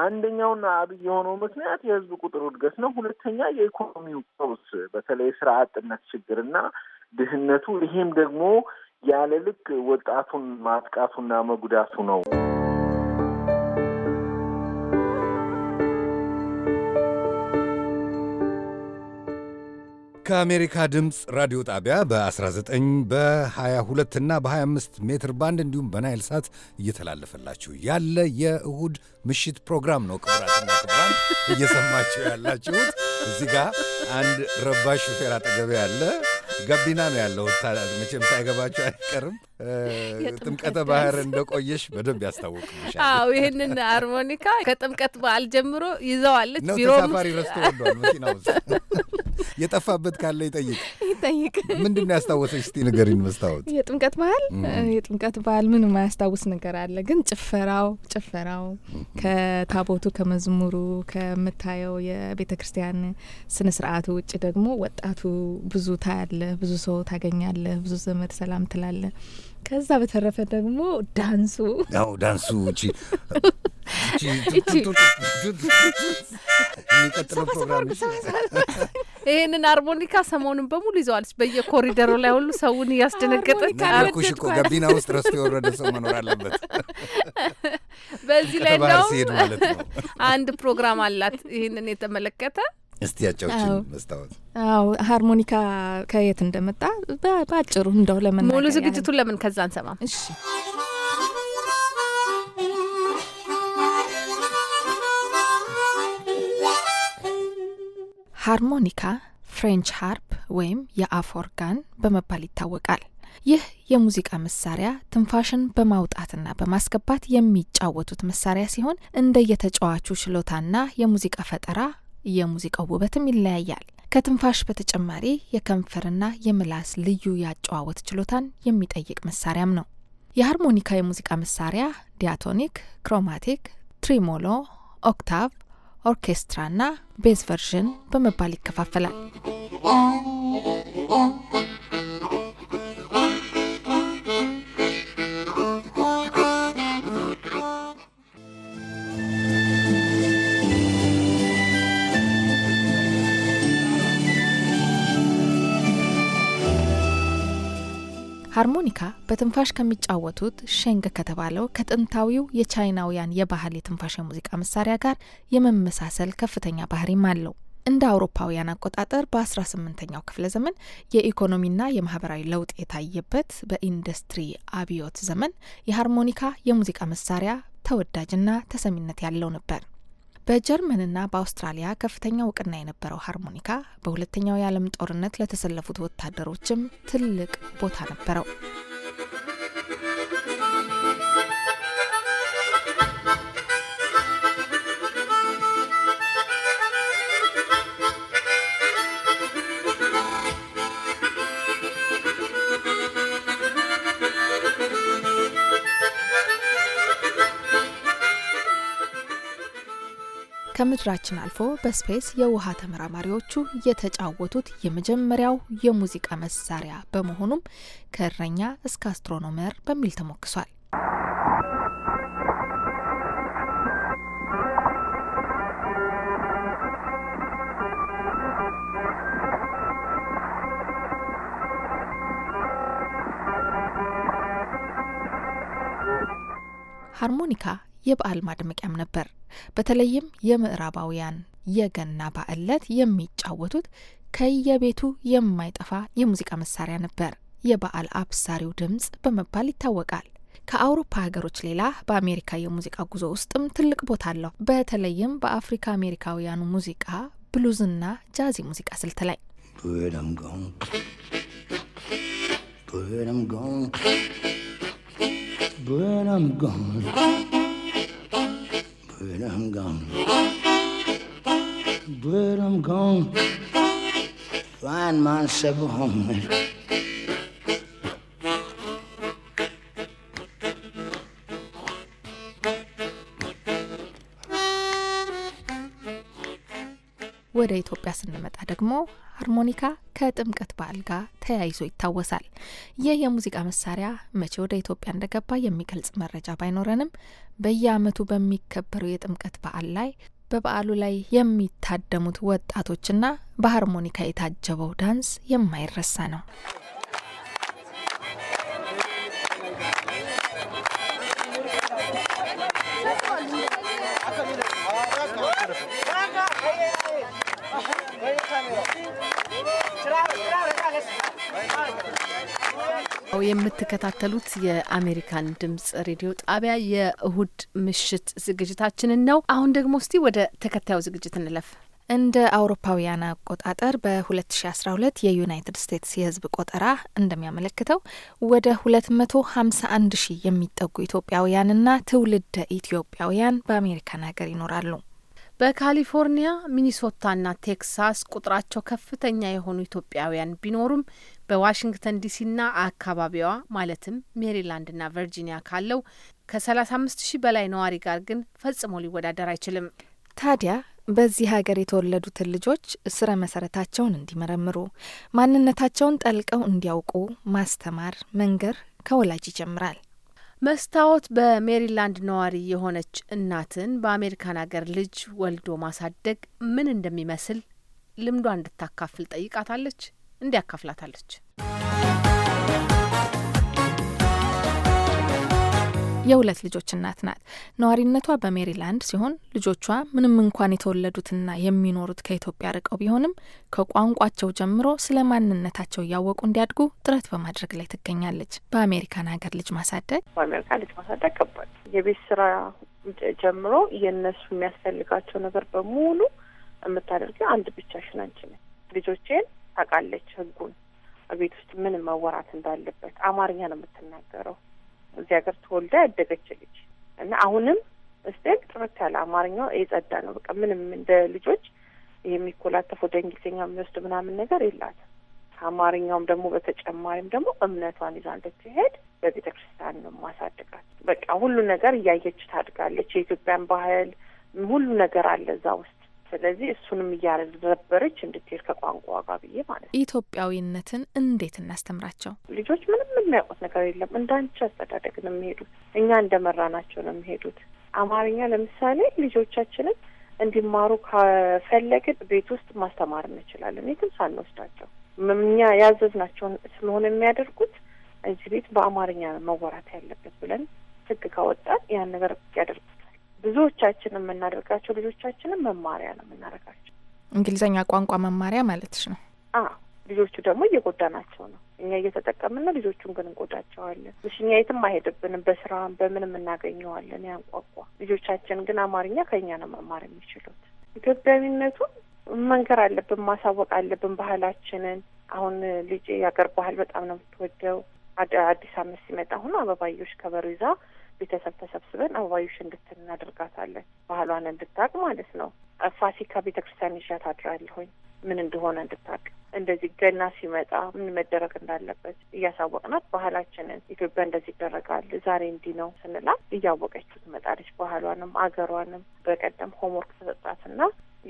አንደኛውና አብይ የሆነው ምክንያት የህዝብ ቁጥር እድገት ነው። ሁለተኛ የኢኮኖሚው ቀውስ በተለይ ስራ አጥነት ችግርና ድህነቱ፣ ይሄም ደግሞ ያለ ልክ ወጣቱን ማጥቃቱና መጉዳቱ ነው። ከአሜሪካ ድምፅ ራዲዮ ጣቢያ በ19 በ22 እና በ25 ሜትር ባንድ እንዲሁም በናይል ሳት እየተላለፈላችሁ ያለ የእሁድ ምሽት ፕሮግራም ነው። ክቡራትና ክቡራን እየሰማችሁ ያላችሁት እዚህ ጋር አንድ ረባሽ ሹፌር አጠገቤ ያለ ገቢና ነው ያለው። መቼም ሳይገባችሁ አይቀርም። ጥምቀተ ባህር እንደቆየሽ በደንብ ያስታወቅብሻል። አዎ ይህንን አርሞኒካ ከጥምቀት በዓል ጀምሮ ይዘዋለች። ቢሮ ተሳፋሪ ረስቶ ወዷል መኪና ውስጥ የጠፋበት ካለ ይጠይቅ። ጠይቅ። ምንድን ያስታወሰች እስቲ ንገሪን መስታወት። የጥምቀት በዓል የጥምቀት በዓል ምን የማያስታውስ ነገር አለ? ግን ጭፈራው ጭፈራው ከታቦቱ ከመዝሙሩ ከምታየው የቤተ ክርስቲያን ስነ ስርዓቱ ውጭ ደግሞ ወጣቱ ብዙ ታያለህ፣ ብዙ ሰው ታገኛለህ፣ ብዙ ዘመድ ሰላም ትላለህ። ከዛ በተረፈ ደግሞ ዳንሱ ያው ዳንሱ እቺ ይህንን አርሞኒካ ሰሞኑን በሙሉ ይዘዋለች። በየኮሪደሩ ላይ ሁሉ ሰውን እያስደነገጠች ጋቢና ውስጥ ረስቶ የወረደ ሰው መኖር አለበት። በዚህ ላይ እንደውም አንድ ፕሮግራም አላት ይህንን የተመለከተ እስቲ ያጫውችን መስታወት። አዎ ሃርሞኒካ ከየት እንደመጣ በአጭሩ እንደው ለምን ሙሉ ዝግጅቱን ለምን ከዛ አንሰማም? እሺ ሃርሞኒካ ፍሬንች ሃርፕ ወይም የአፎርጋን በመባል ይታወቃል። ይህ የሙዚቃ መሳሪያ ትንፋሽን በማውጣትና በማስገባት የሚጫወቱት መሳሪያ ሲሆን እንደየተጫዋቹ ችሎታና የሙዚቃ ፈጠራ የሙዚቃው ውበትም ይለያያል። ከትንፋሽ በተጨማሪ የከንፈርና የምላስ ልዩ ያጨዋወት ችሎታን የሚጠይቅ መሳሪያም ነው። የሃርሞኒካ የሙዚቃ መሳሪያ ዲያቶኒክ፣ ክሮማቲክ፣ ትሪሞሎ፣ ኦክታቭ፣ ኦርኬስትራና ቤዝ ቨርዥን በመባል ይከፋፈላል። ሃርሞኒካ በትንፋሽ ከሚጫወቱት ሸንግ ከተባለው ከጥንታዊው የቻይናውያን የባህል የትንፋሽ የሙዚቃ መሳሪያ ጋር የመመሳሰል ከፍተኛ ባህሪም አለው። እንደ አውሮፓውያን አቆጣጠር በ18ኛው ክፍለ ዘመን የኢኮኖሚና የማህበራዊ ለውጥ የታየበት በኢንዱስትሪ አብዮት ዘመን የሃርሞኒካ የሙዚቃ መሳሪያ ተወዳጅና ተሰሚነት ያለው ነበር። በጀርመንና በአውስትራሊያ ከፍተኛ እውቅና የነበረው ሃርሞኒካ በሁለተኛው የዓለም ጦርነት ለተሰለፉት ወታደሮችም ትልቅ ቦታ ነበረው። ከምድራችን አልፎ በስፔስ የውሃ ተመራማሪዎቹ የተጫወቱት የመጀመሪያው የሙዚቃ መሳሪያ በመሆኑም ከእረኛ እስከ አስትሮኖመር በሚል ተሞክሷል። ሃርሞኒካ የበዓል ማድመቂያም ነበር። በተለይም የምዕራባውያን የገና በዓል ዕለት የሚጫወቱት ከየቤቱ የማይጠፋ የሙዚቃ መሳሪያ ነበር። የበዓል አብሳሪው ድምፅ በመባል ይታወቃል። ከአውሮፓ ሀገሮች ሌላ በአሜሪካ የሙዚቃ ጉዞ ውስጥም ትልቅ ቦታ አለው። በተለይም በአፍሪካ አሜሪካውያኑ ሙዚቃ ብሉዝና ጃዚ ሙዚቃ ስልት ላይ But I'm gone. when I'm gone. when I'm gone. Find myself a home. ወደ ኢትዮጵያ ስንመጣ ደግሞ ሃርሞኒካ ከጥምቀት በዓል ጋር ተያይዞ ይታወሳል። ይህ የሙዚቃ መሳሪያ መቼ ወደ ኢትዮጵያ እንደገባ የሚገልጽ መረጃ ባይኖረንም በየአመቱ በሚከበረው የጥምቀት በዓል ላይ በበዓሉ ላይ የሚታደሙት ወጣቶችና በሃርሞኒካ የታጀበው ዳንስ የማይረሳ ነው። Thank you. የምትከታተሉት የአሜሪካን ድምጽ ሬዲዮ ጣቢያ የእሁድ ምሽት ዝግጅታችንን ነው። አሁን ደግሞ እስቲ ወደ ተከታዩ ዝግጅት እንለፍ። እንደ አውሮፓውያን አቆጣጠር በ2012 የዩናይትድ ስቴትስ የሕዝብ ቆጠራ እንደሚያመለክተው ወደ 251 ሺህ የሚጠጉ ኢትዮጵያውያንና ትውልደ ኢትዮጵያውያን በአሜሪካን ሀገር ይኖራሉ። በካሊፎርኒያ ሚኒሶታና ቴክሳስ ቁጥራቸው ከፍተኛ የሆኑ ኢትዮጵያውያን ቢኖሩም በዋሽንግተን ዲሲና አካባቢዋ ማለትም ሜሪላንድና ቨርጂኒያ ካለው ሰላሳ አምስት ሺህ በላይ ነዋሪ ጋር ግን ፈጽሞ ሊወዳደር አይችልም። ታዲያ በዚህ ሀገር የተወለዱትን ልጆች ስረ መሰረታቸውን እንዲመረምሩ፣ ማንነታቸውን ጠልቀው እንዲያውቁ ማስተማር መንገር ከወላጅ ይጀምራል። መስታወት በሜሪላንድ ነዋሪ የሆነች እናትን በአሜሪካን ሀገር ልጅ ወልዶ ማሳደግ ምን እንደሚመስል ልምዷ እንድታካፍል ጠይቃታለች። እንዲያካፍላታለች። የሁለት ልጆች እናት ናት። ነዋሪነቷ በሜሪላንድ ሲሆን ልጆቿ ምንም እንኳን የተወለዱትና የሚኖሩት ከኢትዮጵያ ርቀው ቢሆንም ከቋንቋቸው ጀምሮ ስለ ማንነታቸው እያወቁ እንዲያድጉ ጥረት በማድረግ ላይ ትገኛለች። በአሜሪካን ሀገር ልጅ ማሳደግ በአሜሪካ ልጅ ማሳደግ ከባድ የቤት ስራ ጀምሮ የእነሱ የሚያስፈልጋቸው ነገር በሙሉ የምታደርገው አንድ ብቻሽን አንቺ ነሽ። ልጆቼን ታውቃለች ህጉን ቤት ውስጥ ምን መወራት እንዳለበት አማርኛ ነው የምትናገረው እዚህ ሀገር ተወልዳ ያደገች ልጅ እና አሁንም እስቴል ጥርት ያለ አማርኛው የጸዳ ነው። በቃ ምንም እንደ ልጆች የሚኮላተፍ ወደ እንግሊዝኛ የሚወስድ ምናምን ነገር የላትም። አማርኛውም ደግሞ በተጨማሪም ደግሞ እምነቷን ይዛ እንድትሄድ በቤተ ክርስቲያን ነው ማሳድጋት። በቃ ሁሉ ነገር እያየች ታድጋለች። የኢትዮጵያን ባህል ሁሉ ነገር አለ እዛ ውስጥ ስለዚህ እሱንም እያረበረች እንድትሄድ ከቋንቋ ጋር ብዬ ማለት ነው። ኢትዮጵያዊነትን እንዴት እናስተምራቸው? ልጆች ምንም የሚያውቁት ነገር የለም። እንዳንቺ አስተዳደግ ነው የሚሄዱት። እኛ እንደመራናቸው ነው የሚሄዱት። አማርኛ ለምሳሌ ልጆቻችንን እንዲማሩ ከፈለግን ቤት ውስጥ ማስተማር እንችላለን፣ የትም ሳንወስዳቸው። እኛ ያዘዝናቸውን ስለሆነ የሚያደርጉት እዚህ ቤት በአማርኛ መወራት ያለበት ብለን ህግ ካወጣን ያን ነገር ልጆቻችን የምናደርጋቸው ልጆቻችንም መማሪያ ነው የምናደርጋቸው። እንግሊዝኛ ቋንቋ መማሪያ ማለትሽ ነው? አዎ። ልጆቹ ደግሞ እየጎዳናቸው ነው። እኛ እየተጠቀምን ልጆቹን ግን እንጎዳቸዋለን። እሺ እኛ የትም አይሄድብንም። በስራ በምንም እናገኘዋለን ያን ቋንቋ። ልጆቻችን ግን አማርኛ ከእኛ ነው መማር የሚችሉት። ኢትዮጵያዊነቱን መንገር አለብን፣ ማሳወቅ አለብን ባህላችንን። አሁን ልጅ የአገር ባህል በጣም ነው የምትወደው። አዲስ አመት ሲመጣ ሁኖ አበባዮች ከበሩ ይዛ ቤተሰብ ተሰብስበን አበባዮሽ እንድትል እናደርጋታለን። ባህሏን እንድታቅ ማለት ነው። ፋሲካ ቤተ ክርስቲያን ይዣት አድራለሁኝ ምን እንደሆነ እንድታቅ እንደዚህ ገና ሲመጣ ምን መደረግ እንዳለበት እያሳወቅናት ባህላችንን ኢትዮጵያ እንደዚህ ይደረጋል ዛሬ እንዲህ ነው ስንላት እያወቀችው ትመጣለች። ባህሏንም አገሯንም በቀደም ሆምወርክ ተሰጣትና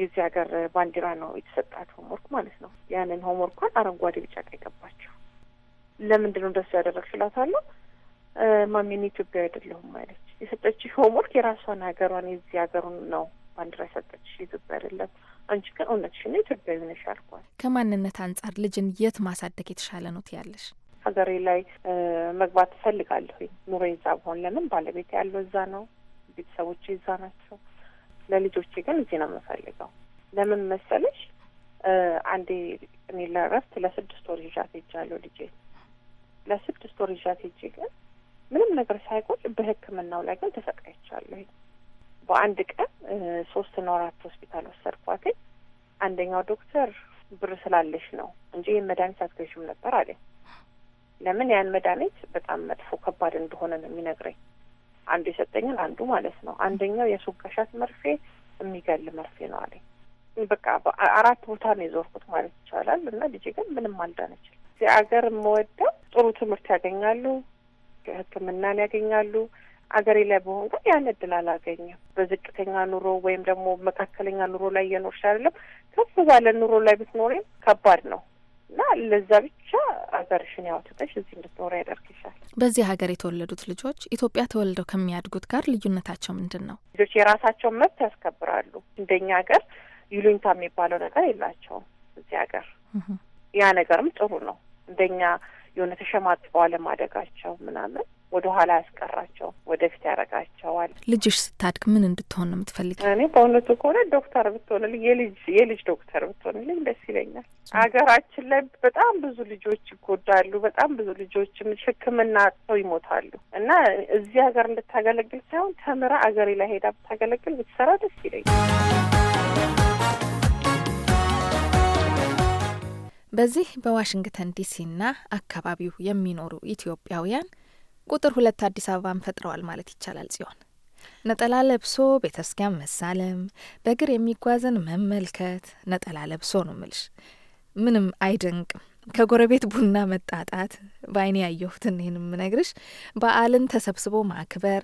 የዚህ ሀገር ባንዲራ ነው የተሰጣት ሆምወርክ ማለት ነው። ያንን ሆምወርኳን አረንጓዴ፣ ቢጫ ቀይ ቀባቸው። ለምንድን ነው እንደሱ ያደረግሽላት ማሚን ኢትዮጵያ አይደለሁም አለች። የሰጠች ሆምወርክ የራሷን ሀገሯን የዚህ ሀገሩን ነው ባንዲራ የሰጠች ኢትዮጵያ አይደለም። አንቺ ግን እውነትሽ ነው ኢትዮጵያዊ ነሽ አልኳት። ከማንነት አንጻር ልጅን የት ማሳደግ የተሻለ ነው ትያለሽ? ሀገሬ ላይ መግባት እፈልጋለሁኝ። ኑሮ ይዛ በሆን ለምን ባለቤት ያለው እዛ ነው፣ ቤተሰቦች ይዛ ናቸው። ለልጆቼ ግን እዚህ ነው የምፈልገው። ለምን መሰለሽ? አንዴ እኔ ለእረፍት ለስድስት ወር ይዣት ሄጃለሁ። ልጄ ለስድስት ወር ይዣት ሄጄ ግን ምንም ነገር ሳይቆጭ በሕክምናው ላይ ግን ተሰቃይቻለሁ። በአንድ ቀን ሶስት ነው አራት ሆስፒታል ወሰድኳትኝ። አንደኛው ዶክተር ብር ስላለሽ ነው እንጂ ይህን መድኃኒት አትገዥም ነበር አለኝ። ለምን ያን መድኃኒት በጣም መጥፎ ከባድ እንደሆነ ነው የሚነግረኝ። አንዱ የሰጠኝን አንዱ ማለት ነው። አንደኛው የሱጋሻት መርፌ የሚገል መርፌ ነው አለኝ። በቃ አራት ቦታ ነው የዞርኩት ማለት ይቻላል። እና ልጄ ግን ምንም አልዳነችም። እዚህ አገር የምወደው ጥሩ ትምህርት ያገኛሉ ሕክምናን ያገኛሉ። አገሬ ላይ በሆንኩ ያን እድል አላገኘም። በዝቅተኛ ኑሮ ወይም ደግሞ መካከለኛ ኑሮ ላይ እየኖርሽ አይደለም፣ ከፍ ባለ ኑሮ ላይ ብትኖሪም ከባድ ነው እና ለዛ ብቻ ሀገርሽን ያውትጠሽ እዚህ እንድትኖሪ ያደርግሻል። በዚህ ሀገር የተወለዱት ልጆች ኢትዮጵያ ተወልደው ከሚያድጉት ጋር ልዩነታቸው ምንድን ነው? ልጆች የራሳቸውን መብት ያስከብራሉ። እንደኛ ሀገር ይሉኝታ የሚባለው ነገር የላቸውም። እዚህ ሀገር ያ ነገርም ጥሩ ነው። እንደኛ የሆነ ተሸማጥቀው አለማደጋቸው ምናምን ወደ ኋላ ያስቀራቸው ወደፊት ያረጋቸዋል። ልጅሽ ስታድግ ምን እንድትሆን ነው የምትፈልጊ? እኔ በእውነቱ ከሆነ ዶክተር ብትሆንልኝ የልጅ የልጅ ዶክተር ብትሆንልኝ ደስ ይለኛል። ሀገራችን ላይ በጣም ብዙ ልጆች ይጎዳሉ። በጣም ብዙ ልጆችም ሕክምና አጥተው ይሞታሉ እና እዚህ ሀገር እንድታገለግል ሳይሆን ተምራ አገሬ ላይ ሄዳ ብታገለግል ብትሰራ ደስ ይለኛል። በዚህ በዋሽንግተን ዲሲና አካባቢው የሚኖሩ ኢትዮጵያውያን ቁጥር ሁለት አዲስ አበባን ፈጥረዋል ማለት ይቻላል። ጽዮን ነጠላ ለብሶ ቤተ መሳለም፣ በእግር የሚጓዝን መመልከት፣ ነጠላ ለብሶ ነው ምልሽ ምንም አይደንቅም። ከጎረቤት ቡና መጣጣት፣ በአይኔ ያየሁትን ይህን ምነግርሽ በዓልን ተሰብስቦ ማክበር፣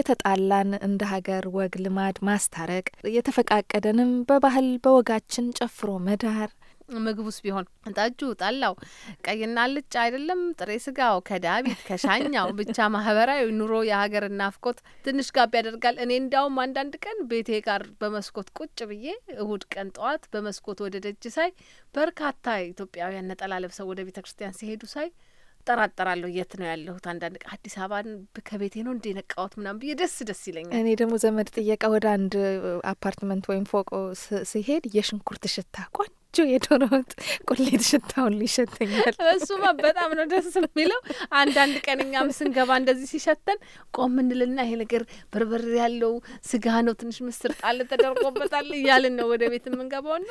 የተጣላን እንደ ሀገር ወግ ልማድ ማስታረቅ፣ የተፈቃቀደንም በባህል በወጋችን ጨፍሮ መዳር ምግቡስ ቢሆን ጠጁ፣ ጠላው፣ ቀይና ልጭ አይደለም ጥሬ ስጋው ከዳቢት ከሻኛው ብቻ ማህበራዊ ኑሮ የሀገር ናፍቆት ትንሽ ጋብ ያደርጋል። እኔ እንዲያውም አንዳንድ ቀን ቤቴ ጋር በመስኮት ቁጭ ብዬ እሁድ ቀን ጠዋት በመስኮት ወደ ደጅ ሳይ በርካታ ኢትዮጵያውያን ነጠላ ለብሰው ወደ ቤተ ክርስቲያን ሲሄዱ ሳይ ጠራጠራለሁ። የት ነው ያለሁት? አንዳንድ አዲስ አበባን ከቤቴ ነው እንደ ነቃወት ምናምን ብዬ ደስ ደስ ይለኛል። እኔ ደግሞ ዘመድ ጥየቃ ወደ አንድ አፓርትመንት ወይም ፎቅ ስሄድ የሽንኩርት ሽታ ቆንጆ ያለችው የዶሮ ወጥ ቁሌት ሽታውን ሊሸተኛል። እሱማ በጣም ነው ደስ የሚለው። አንዳንድ ቀን እኛም ስንገባ እንደዚህ ሲሸተን ቆም እንልና ይሄ ነገር በርበሬ ያለው ስጋ ነው ትንሽ ምስር ጣል ተደርጎበታል እያልን ነው ወደ ቤት የምንገባው ና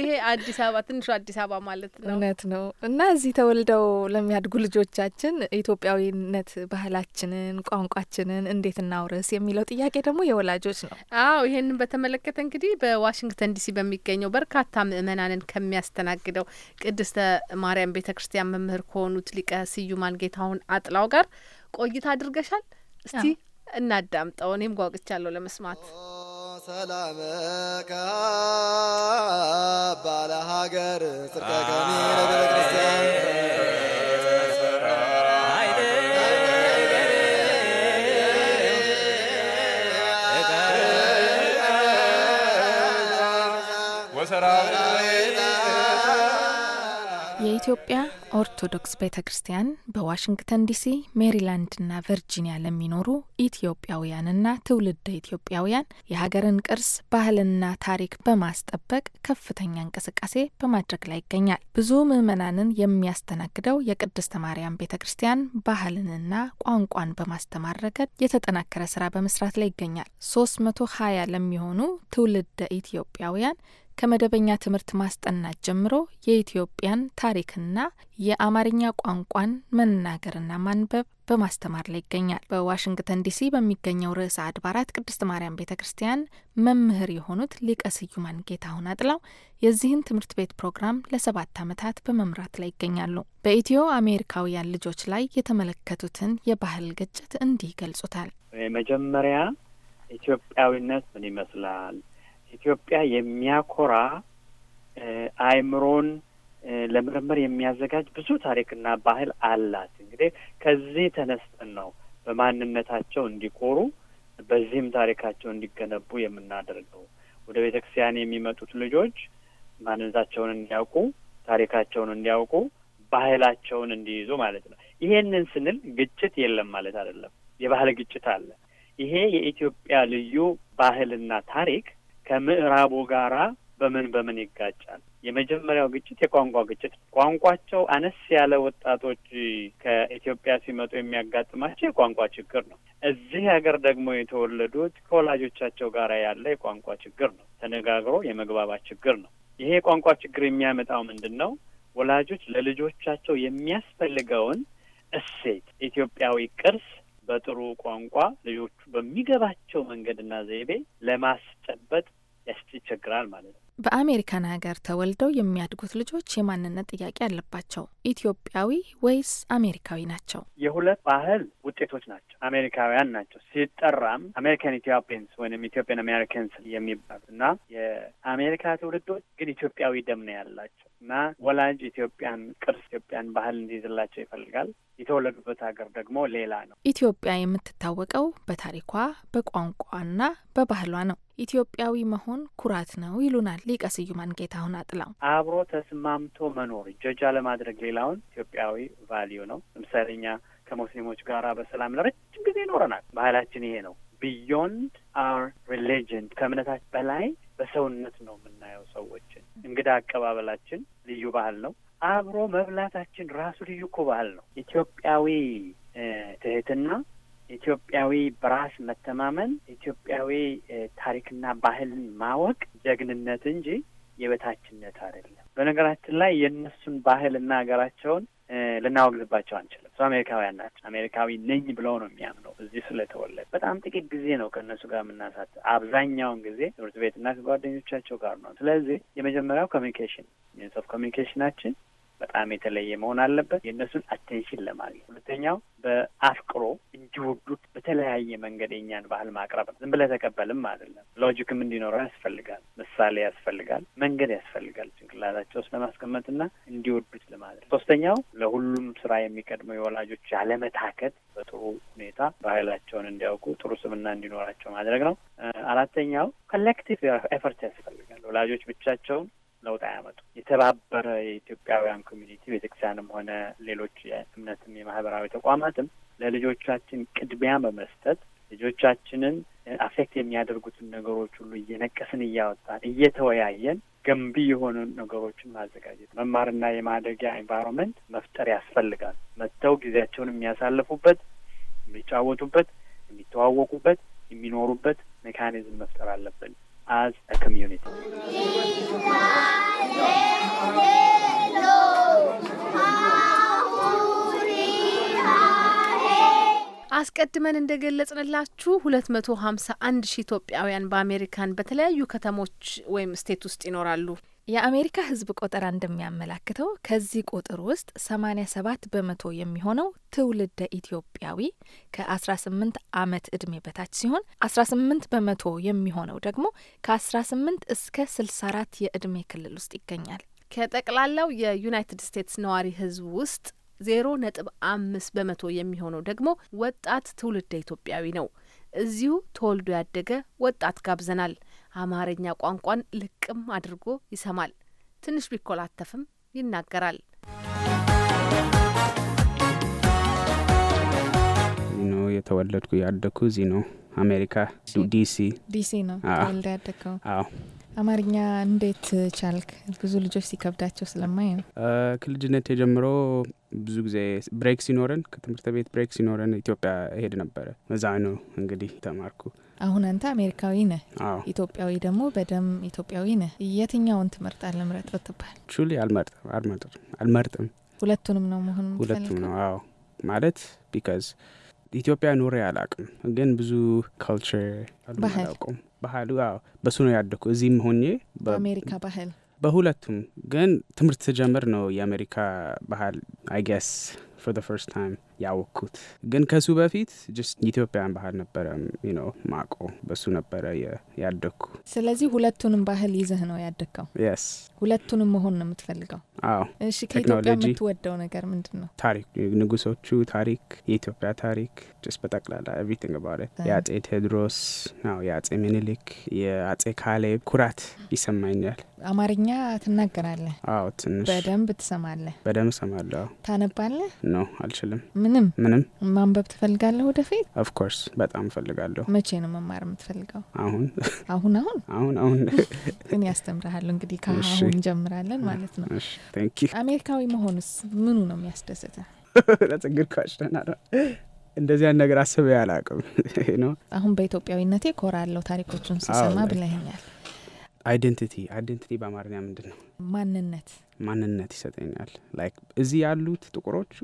ይሄ አዲስ አበባ ትንሹ አዲስ አበባ ማለት ነው። እውነት ነው። እና እዚህ ተወልደው ለሚያድጉ ልጆቻችን ኢትዮጵያዊነት ባህላችንን፣ ቋንቋችንን እንዴት እናውረስ የሚለው ጥያቄ ደግሞ የወላጆች ነው። አዎ ይሄንን በተመለከተ እንግዲህ በዋሽንግተን ዲሲ በሚገኘው በርካታ ምእመናን ምእመናንን ከሚያስተናግደው ቅድስተ ማርያም ቤተ ክርስቲያን መምህር ከሆኑት ሊቀ ስዩማን ጌታሁን አጥላው ጋር ቆይታ አድርገሻል። እስቲ እናዳምጠው። እኔም ጓጉቻለሁ ለመስማት። ሰላም ባለ ሀገር ጽድቀ ከኒ ክርስቲያን የኢትዮጵያ ኦርቶዶክስ ቤተ ክርስቲያን በዋሽንግተን ዲሲ፣ ሜሪላንድና ቨርጂኒያ ለሚኖሩ ኢትዮጵያውያንና ትውልደ ኢትዮጵያውያን የሀገርን ቅርስ ባህልና ታሪክ በማስጠበቅ ከፍተኛ እንቅስቃሴ በማድረግ ላይ ይገኛል። ብዙ ምዕመናንን የሚያስተናግደው የቅድስተ ማርያም ቤተ ክርስቲያን ባህልንና ቋንቋን በማስተማር ረገድ የተጠናከረ ስራ በመስራት ላይ ይገኛል። ሶስት መቶ ሀያ ለሚሆኑ ትውልደ ኢትዮጵያውያን ከመደበኛ ትምህርት ማስጠናት ጀምሮ የኢትዮጵያን ታሪክና የአማርኛ ቋንቋን መናገርና ማንበብ በማስተማር ላይ ይገኛል። በዋሽንግተን ዲሲ በሚገኘው ርዕሰ አድባራት ቅድስት ማርያም ቤተ ክርስቲያን መምህር የሆኑት ሊቀ ስዩማን ጌታሁን አጥላው የዚህን ትምህርት ቤት ፕሮግራም ለሰባት ዓመታት በመምራት ላይ ይገኛሉ። በኢትዮ አሜሪካውያን ልጆች ላይ የተመለከቱትን የባህል ግጭት እንዲህ ይገልጹታል። መጀመሪያ ኢትዮጵያዊነት ምን ይመስላል ኢትዮጵያ የሚያኮራ አእምሮን ለምርምር የሚያዘጋጅ ብዙ ታሪክና ባህል አላት። እንግዲህ ከዚህ ተነስተን ነው በማንነታቸው እንዲኮሩ በዚህም ታሪካቸው እንዲገነቡ የምናደርገው። ወደ ቤተ ክርስቲያን የሚመጡት ልጆች ማንነታቸውን እንዲያውቁ፣ ታሪካቸውን እንዲያውቁ፣ ባህላቸውን እንዲይዙ ማለት ነው። ይሄንን ስንል ግጭት የለም ማለት አይደለም። የባህል ግጭት አለ። ይሄ የኢትዮጵያ ልዩ ባህልና ታሪክ ከምዕራቡ ጋራ በምን በምን ይጋጫል? የመጀመሪያው ግጭት የቋንቋ ግጭት። ቋንቋቸው አነስ ያለ ወጣቶች ከኢትዮጵያ ሲመጡ የሚያጋጥማቸው የቋንቋ ችግር ነው። እዚህ ሀገር ደግሞ የተወለዱት ከወላጆቻቸው ጋር ያለ የቋንቋ ችግር ነው። ተነጋግሮ የመግባባት ችግር ነው። ይሄ የቋንቋ ችግር የሚያመጣው ምንድን ነው? ወላጆች ለልጆቻቸው የሚያስፈልገውን እሴት፣ ኢትዮጵያዊ ቅርስ በጥሩ ቋንቋ ልጆቹ በሚገባቸው መንገድና ዘይቤ ለማስጨበጥ ያስቸግራል ማለት ነው። በአሜሪካን ሀገር ተወልደው የሚያድጉት ልጆች የማንነት ጥያቄ አለባቸው። ኢትዮጵያዊ ወይስ አሜሪካዊ ናቸው? የሁለት ባህል ውጤቶች ናቸው። አሜሪካውያን ናቸው ሲጠራም አሜሪካን ኢትዮጵያንስ ወይም ኢትዮጵያን አሜሪካንስ የሚባሉ እና የአሜሪካ ትውልዶች ግን ኢትዮጵያዊ ደም ነው ያላቸው እና ወላጅ ኢትዮጵያን ቅርስ፣ ኢትዮጵያን ባህል እንዲይዝላቸው ይፈልጋል። የተወለዱበት ሀገር ደግሞ ሌላ ነው። ኢትዮጵያ የምትታወቀው በታሪኳ በቋንቋና በባህሏ ነው። ኢትዮጵያዊ መሆን ኩራት ነው ይሉናል ሊቀ ስዩማን ጌታሁን አጥላው። አብሮ ተስማምቶ መኖር ጀጃ ለማድረግ ሌላውን ኢትዮጵያዊ ቫሊዩ ነው። ለምሳሌ እኛ ከሙስሊሞች ጋራ በሰላም ለረጅም ጊዜ ይኖረናል። ባህላችን ይሄ ነው። ቢዮንድ አር ሪሊጅን ከእምነታች በላይ በሰውነት ነው የምናየው ሰዎች እንግዳ አቀባበላችን ልዩ ባህል ነው። አብሮ መብላታችን ራሱ ልዩ እኮ ባህል ነው። ኢትዮጵያዊ ትህትና፣ ኢትዮጵያዊ በራስ መተማመን፣ ኢትዮጵያዊ ታሪክና ባህልን ማወቅ ጀግንነት እንጂ የበታችነት አይደለም። በነገራችን ላይ የእነሱን ባህልና ሀገራቸውን ልናወግዝባቸው አንችልም። እሱ አሜሪካውያን ናቸው። አሜሪካዊ ነኝ ብለው ነው የሚያምነው እዚህ ስለተወለደ። በጣም ጥቂት ጊዜ ነው ከእነሱ ጋር የምናሳት። አብዛኛውን ጊዜ ትምህርት ቤትና ከጓደኞቻቸው ጋር ነው። ስለዚህ የመጀመሪያው ኮሚኒኬሽን ሜንስ ኦፍ ኮሚኒኬሽናችን በጣም የተለየ መሆን አለበት የእነሱን አቴንሽን ለማግኘት። ሁለተኛው በአፍቅሮ እንዲወዱት በተለያየ መንገድ የእኛን ባህል ማቅረብ ነው። ዝም ብለህ ተቀበልም አይደለም። ሎጂክም እንዲኖረው ያስፈልጋል፣ ምሳሌ ያስፈልጋል፣ መንገድ ያስፈልጋል ጭንቅላታቸው ውስጥ ለማስቀመጥና እንዲወዱት ለማድረግ። ሶስተኛው ለሁሉም ስራ የሚቀድመው የወላጆች ያለመታከት በጥሩ ሁኔታ ባህላቸውን እንዲያውቁ ጥሩ ስምና እንዲኖራቸው ማድረግ ነው። አራተኛው ኮሌክቲቭ ኤፈርት ያስፈልጋል። ወላጆች ብቻቸውን ለውጥ አያመጡ። የተባበረ የኢትዮጵያውያን ኮሚኒቲ ቤተክርስቲያንም ሆነ ሌሎች የእምነትም የማህበራዊ ተቋማትም ለልጆቻችን ቅድሚያ በመስጠት ልጆቻችንን አፌክት የሚያደርጉትን ነገሮች ሁሉ እየነቀስን እያወጣን እየተወያየን ገንቢ የሆኑ ነገሮችን ማዘጋጀት መማርና የማደጊያ ኤንቫይሮንመንት መፍጠር ያስፈልጋል። መጥተው ጊዜያቸውን የሚያሳልፉበት፣ የሚጫወቱበት፣ የሚተዋወቁበት፣ የሚኖሩበት ሜካኒዝም መፍጠር አለብን። as a community. አስቀድመን እንደገለጽንላችሁ 251 ሺህ ኢትዮጵያውያን በአሜሪካን በተለያዩ ከተሞች ወይም ስቴት ውስጥ ይኖራሉ። የአሜሪካ ሕዝብ ቆጠራ እንደሚያመላክተው ከዚህ ቁጥር ውስጥ 87 በመቶ የሚሆነው ትውልደ ኢትዮጵያዊ ከ18 ዓመት ዕድሜ በታች ሲሆን 18 በመቶ የሚሆነው ደግሞ ከ18 እስከ 64 የዕድሜ ክልል ውስጥ ይገኛል። ከጠቅላላው የዩናይትድ ስቴትስ ነዋሪ ሕዝብ ውስጥ ዜሮ ነጥብ አምስት በመቶ የሚሆነው ደግሞ ወጣት ትውልደ ኢትዮጵያዊ ነው። እዚሁ ተወልዶ ያደገ ወጣት ጋብዘናል። አማርኛ ቋንቋን ልቅም አድርጎ ይሰማል። ትንሽ ቢኮላተፍም ይናገራል። ነው የተወለድኩ ያደግኩ እዚህ ነው አሜሪካ ዲሲ ዲሲ ነው ተወልደ ያደግከው? አዎ። አማርኛ እንዴት ቻልክ? ብዙ ልጆች ሲከብዳቸው ስለማይ ነው። ከልጅነት የጀምሮ ብዙ ጊዜ ብሬክ ሲኖረን ከትምህርት ቤት ብሬክ ሲኖረን ኢትዮጵያ ሄድ ነበረ። እዛ ነው እንግዲህ ተማርኩ። አሁን አንተ አሜሪካዊ ነህ፣ ኢትዮጵያዊ ደግሞ በደም ኢትዮጵያዊ ነህ። የትኛውን ትምህርት አልምረጥ ብትባል? ቹሊ አልመርጥም አልመርጥም አልመርጥም። ሁለቱንም ነው መሆን ሁለቱም ነው። አዎ ማለት ቢካዝ ኢትዮጵያ ኑሬ አላቅም፣ ግን ብዙ ካልቸር ባህል ባህሉ በሱ ነው ያደኩ እዚህም ሆኜ በአሜሪካ ባህል በሁለቱም ግን ትምህርት ስጀምር ነው የአሜሪካ ባህል አይገስ ፎር ዘ ፈርስት ታይም ያወቅኩት። ግን ከሱ በፊት ጅስ የኢትዮጵያን ባህል ነበረ ነው ማቆ በሱ ነበረ ያደግኩ። ስለዚህ ሁለቱንም ባህል ይዘህ ነው ያደግከው? የስ ሁለቱንም መሆን ነው የምትፈልገው? አዎ። እሺ፣ ከኢትዮጵያ የምትወደው ነገር ምንድን ነው? ታሪክ፣ ንጉሶቹ ታሪክ፣ የኢትዮጵያ ታሪክ ጀስት በጠቅላላ ኤቭሪቲንግ አባውት የአጼ ቴዎድሮስ ነው የአጼ ምኒልክ የአጼ ካሌብ ኩራት ይሰማኛል። አማርኛ ትናገራለህ? አዎ፣ ትንሽ በደንብ ትሰማለህ? በደንብ እሰማለሁ። ታነባለህ? ነው አልችልም። ምንም ምንም። ማንበብ ትፈልጋለሁ ወደፊት? ኦፍኮርስ በጣም ፈልጋለሁ መቼ ነው መማር የምትፈልገው? አሁን አሁን አሁን አሁን አሁን ግን ያስተምርሃል። እንግዲህ ከአሁን እንጀምራለን ማለት ነው። አሜሪካዊ መሆንስ ምኑ ነው የሚያስደስተ? እንደዚያን ነገር አስበ አላውቅም። ነው አሁን በኢትዮጵያዊነቴ ኮራለሁ ታሪኮቹን ስሰማ ብለኸኛል። አይደንቲቲ አይደንቲቲ በአማርኛ ምንድን ነው? ማንነት ማንነት ይሰጠኛል። ላይክ እዚህ ያሉት ጥቁሮቹ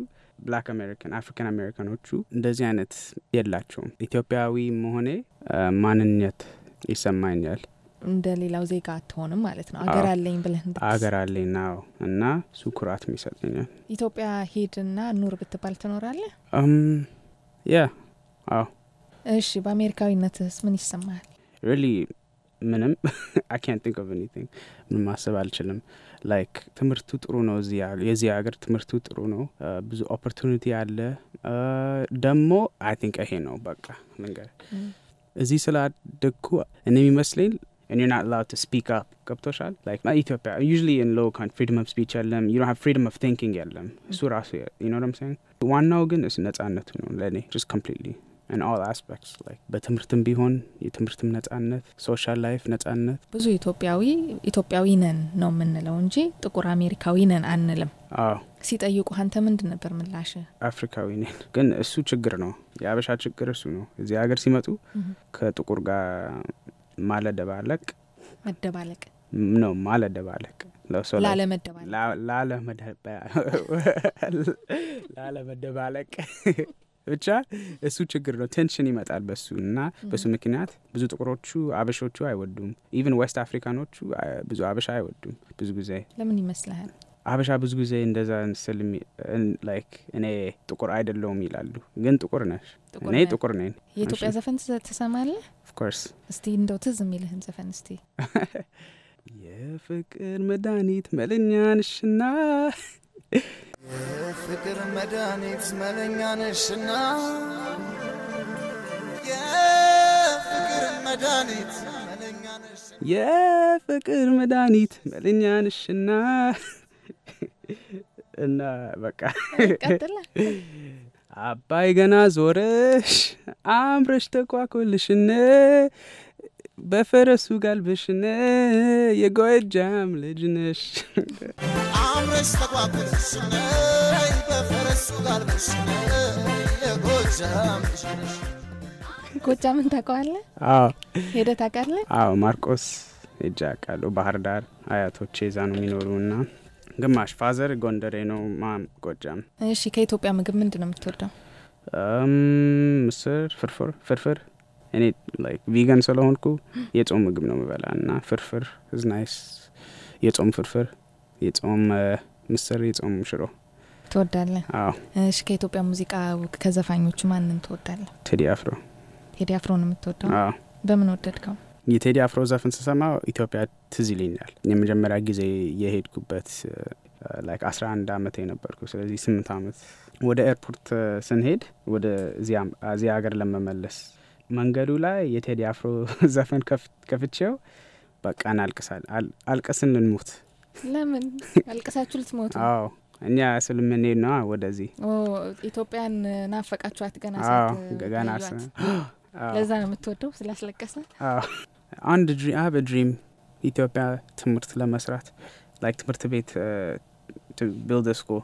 ብላክ አሜሪካን አፍሪካን አሜሪካኖቹ እንደዚህ አይነት የላቸውም። ኢትዮጵያዊ መሆኔ ማንነት ይሰማኛል። እንደ ሌላው ዜጋ አትሆንም ማለት ነው። አገር አለኝ ብለህ አገር አለኝ ናው እና እሱ ኩራትም ይሰጠኛል። ኢትዮጵያ ና ኑር ብትባል ትኖራለ? ያ አዎ። እሺ በአሜሪካዊነትስ ምን ይሰማል? ሪሊ ምንም አይ ካንት ቲንክ ኦፍ ምንም ማሰብ አልችልም። ላይክ ትምህርቱ ጥሩ ነው የዚህ ሀገር ትምህርቱ ጥሩ ነው ብዙ ኦፖርቱኒቲ አለ ደግሞ አይ ቲንክ ይሄ ነው በቃ መንገድ እዚህ ስላደግኩ እኔ የሚመስለኝ and you're not allowed to speak up ገብቶሻል like not ethiopia usually in low freedom of speech የለም you don't have freedom of thinking የለም እሱ you know what i'm saying ዋናው ግን እሱ ነጻነቱ ነው ለእኔ just completely ኢን ኦል አስፔክትስ ላይክ በትምህርትም ቢሆን የትምህርትም ነጻነት፣ ሶሻል ላይፍ ነጻነት። ብዙ ኢትዮጵያዊ ኢትዮጵያዊ ነን ነው የምንለው እንጂ ጥቁር አሜሪካዊ ነን አንልም። አዎ ሲጠይቁ አንተ ምንድን ነበር ምላሽ? አፍሪካዊ ነን። ግን እሱ ችግር ነው፣ የአበሻ ችግር እሱ ነው። እዚህ ሀገር ሲመጡ ከጥቁር ጋር ማለደባለቅ መደባለቅ ነው ማለደባለቅ ላለመደባለቅ ላለመደባለቅ ብቻ እሱ ችግር ነው። ቴንሽን ይመጣል በሱ እና በሱ ምክንያት ብዙ ጥቁሮቹ አበሾቹ አይወዱም። ኢቨን ዌስት አፍሪካኖቹ ብዙ አበሻ አይወዱም። ብዙ ጊዜ ለምን ይመስልሃል? አበሻ ብዙ ጊዜ እንደዛ ስል ላይክ እኔ ጥቁር አይደለውም ይላሉ። ግን ጥቁር ነሽ፣ እኔ ጥቁር ነኝ። የኢትዮጵያ ዘፈን ትሰማለህ? ኦፍኮርስ። እስቲ እንደው ትዝ የሚልህን ዘፈን እስቲ የፍቅር መድኃኒት መልኛንሽና የፍቅር መድኃኒት መለኛ ነሽና የፍቅር መድኃኒት የፍቅር መድኃኒት መለኛ ነሽና እና በቃ አባይ ገና ዞረሽ አምረሽ ተኳኩልሽን በፈረሱ ጋልብሽነ የጎጃም ልጅ ነሽ አምረሽ ተቋቁረሽነ በፈረሱ ጋልብሽነ የጎጃም ልጅ ነሽ። ጎጃምን ታውቀዋለህ? አዎ ሄደህ ታውቃለህ? አዎ ማርቆስ ሄጄ አውቃለሁ። ባህር ዳር አያቶቼ እዛ ነው የሚኖሩ እና ግማሽ ፋዘር ጎንደሬ ነው፣ ማም ጎጃም። እሺ ከኢትዮጵያ ምግብ ምንድን ነው የምትወደው? ምስር ፍርፍር ፍርፍር እኔ ላይክ ቪጋን ስለሆንኩ የጾም ምግብ ነው ምበላ እና ፍርፍር ዝናይስ ናይስ። የጾም ፍርፍር፣ የጾም ምስር፣ የጾም ሽሮ ትወዳለ እሺ፣ ከኢትዮጵያ ሙዚቃ ከዘፋኞቹ ማንን ትወዳለህ? ቴዲ አፍሮ። ቴዲ አፍሮ ነው የምትወደው? በምን ወደድከው? የቴዲ አፍሮ ዘፍን ስሰማው ኢትዮጵያ ትዝ ይለኛል። የመጀመሪያ ጊዜ የሄድኩበት ላይክ አስራ አንድ አመት የነበርኩ ስለዚህ ስምንት አመት ወደ ኤርፖርት ስንሄድ ወደ እዚያ ሀገር ለመመለስ መንገዱ ላይ የቴዲ አፍሮ ዘፈን ከፍቼው በቃ እናልቅሳል። አልቅስን እንሞት። ለምን አልቅሳችሁ ልትሞቱ? አዎ እኛ ስለምንሄድ ነው ወደዚህ። ኢትዮጵያን ናፈቃችኋት ገና ገና ለዛ ነው የምትወደው ስላስለቀሰ። አንድ አብ ድሪም ኢትዮጵያ ትምህርት ለመስራት ላይክ ትምህርት ቤት ቢልድ ስኩል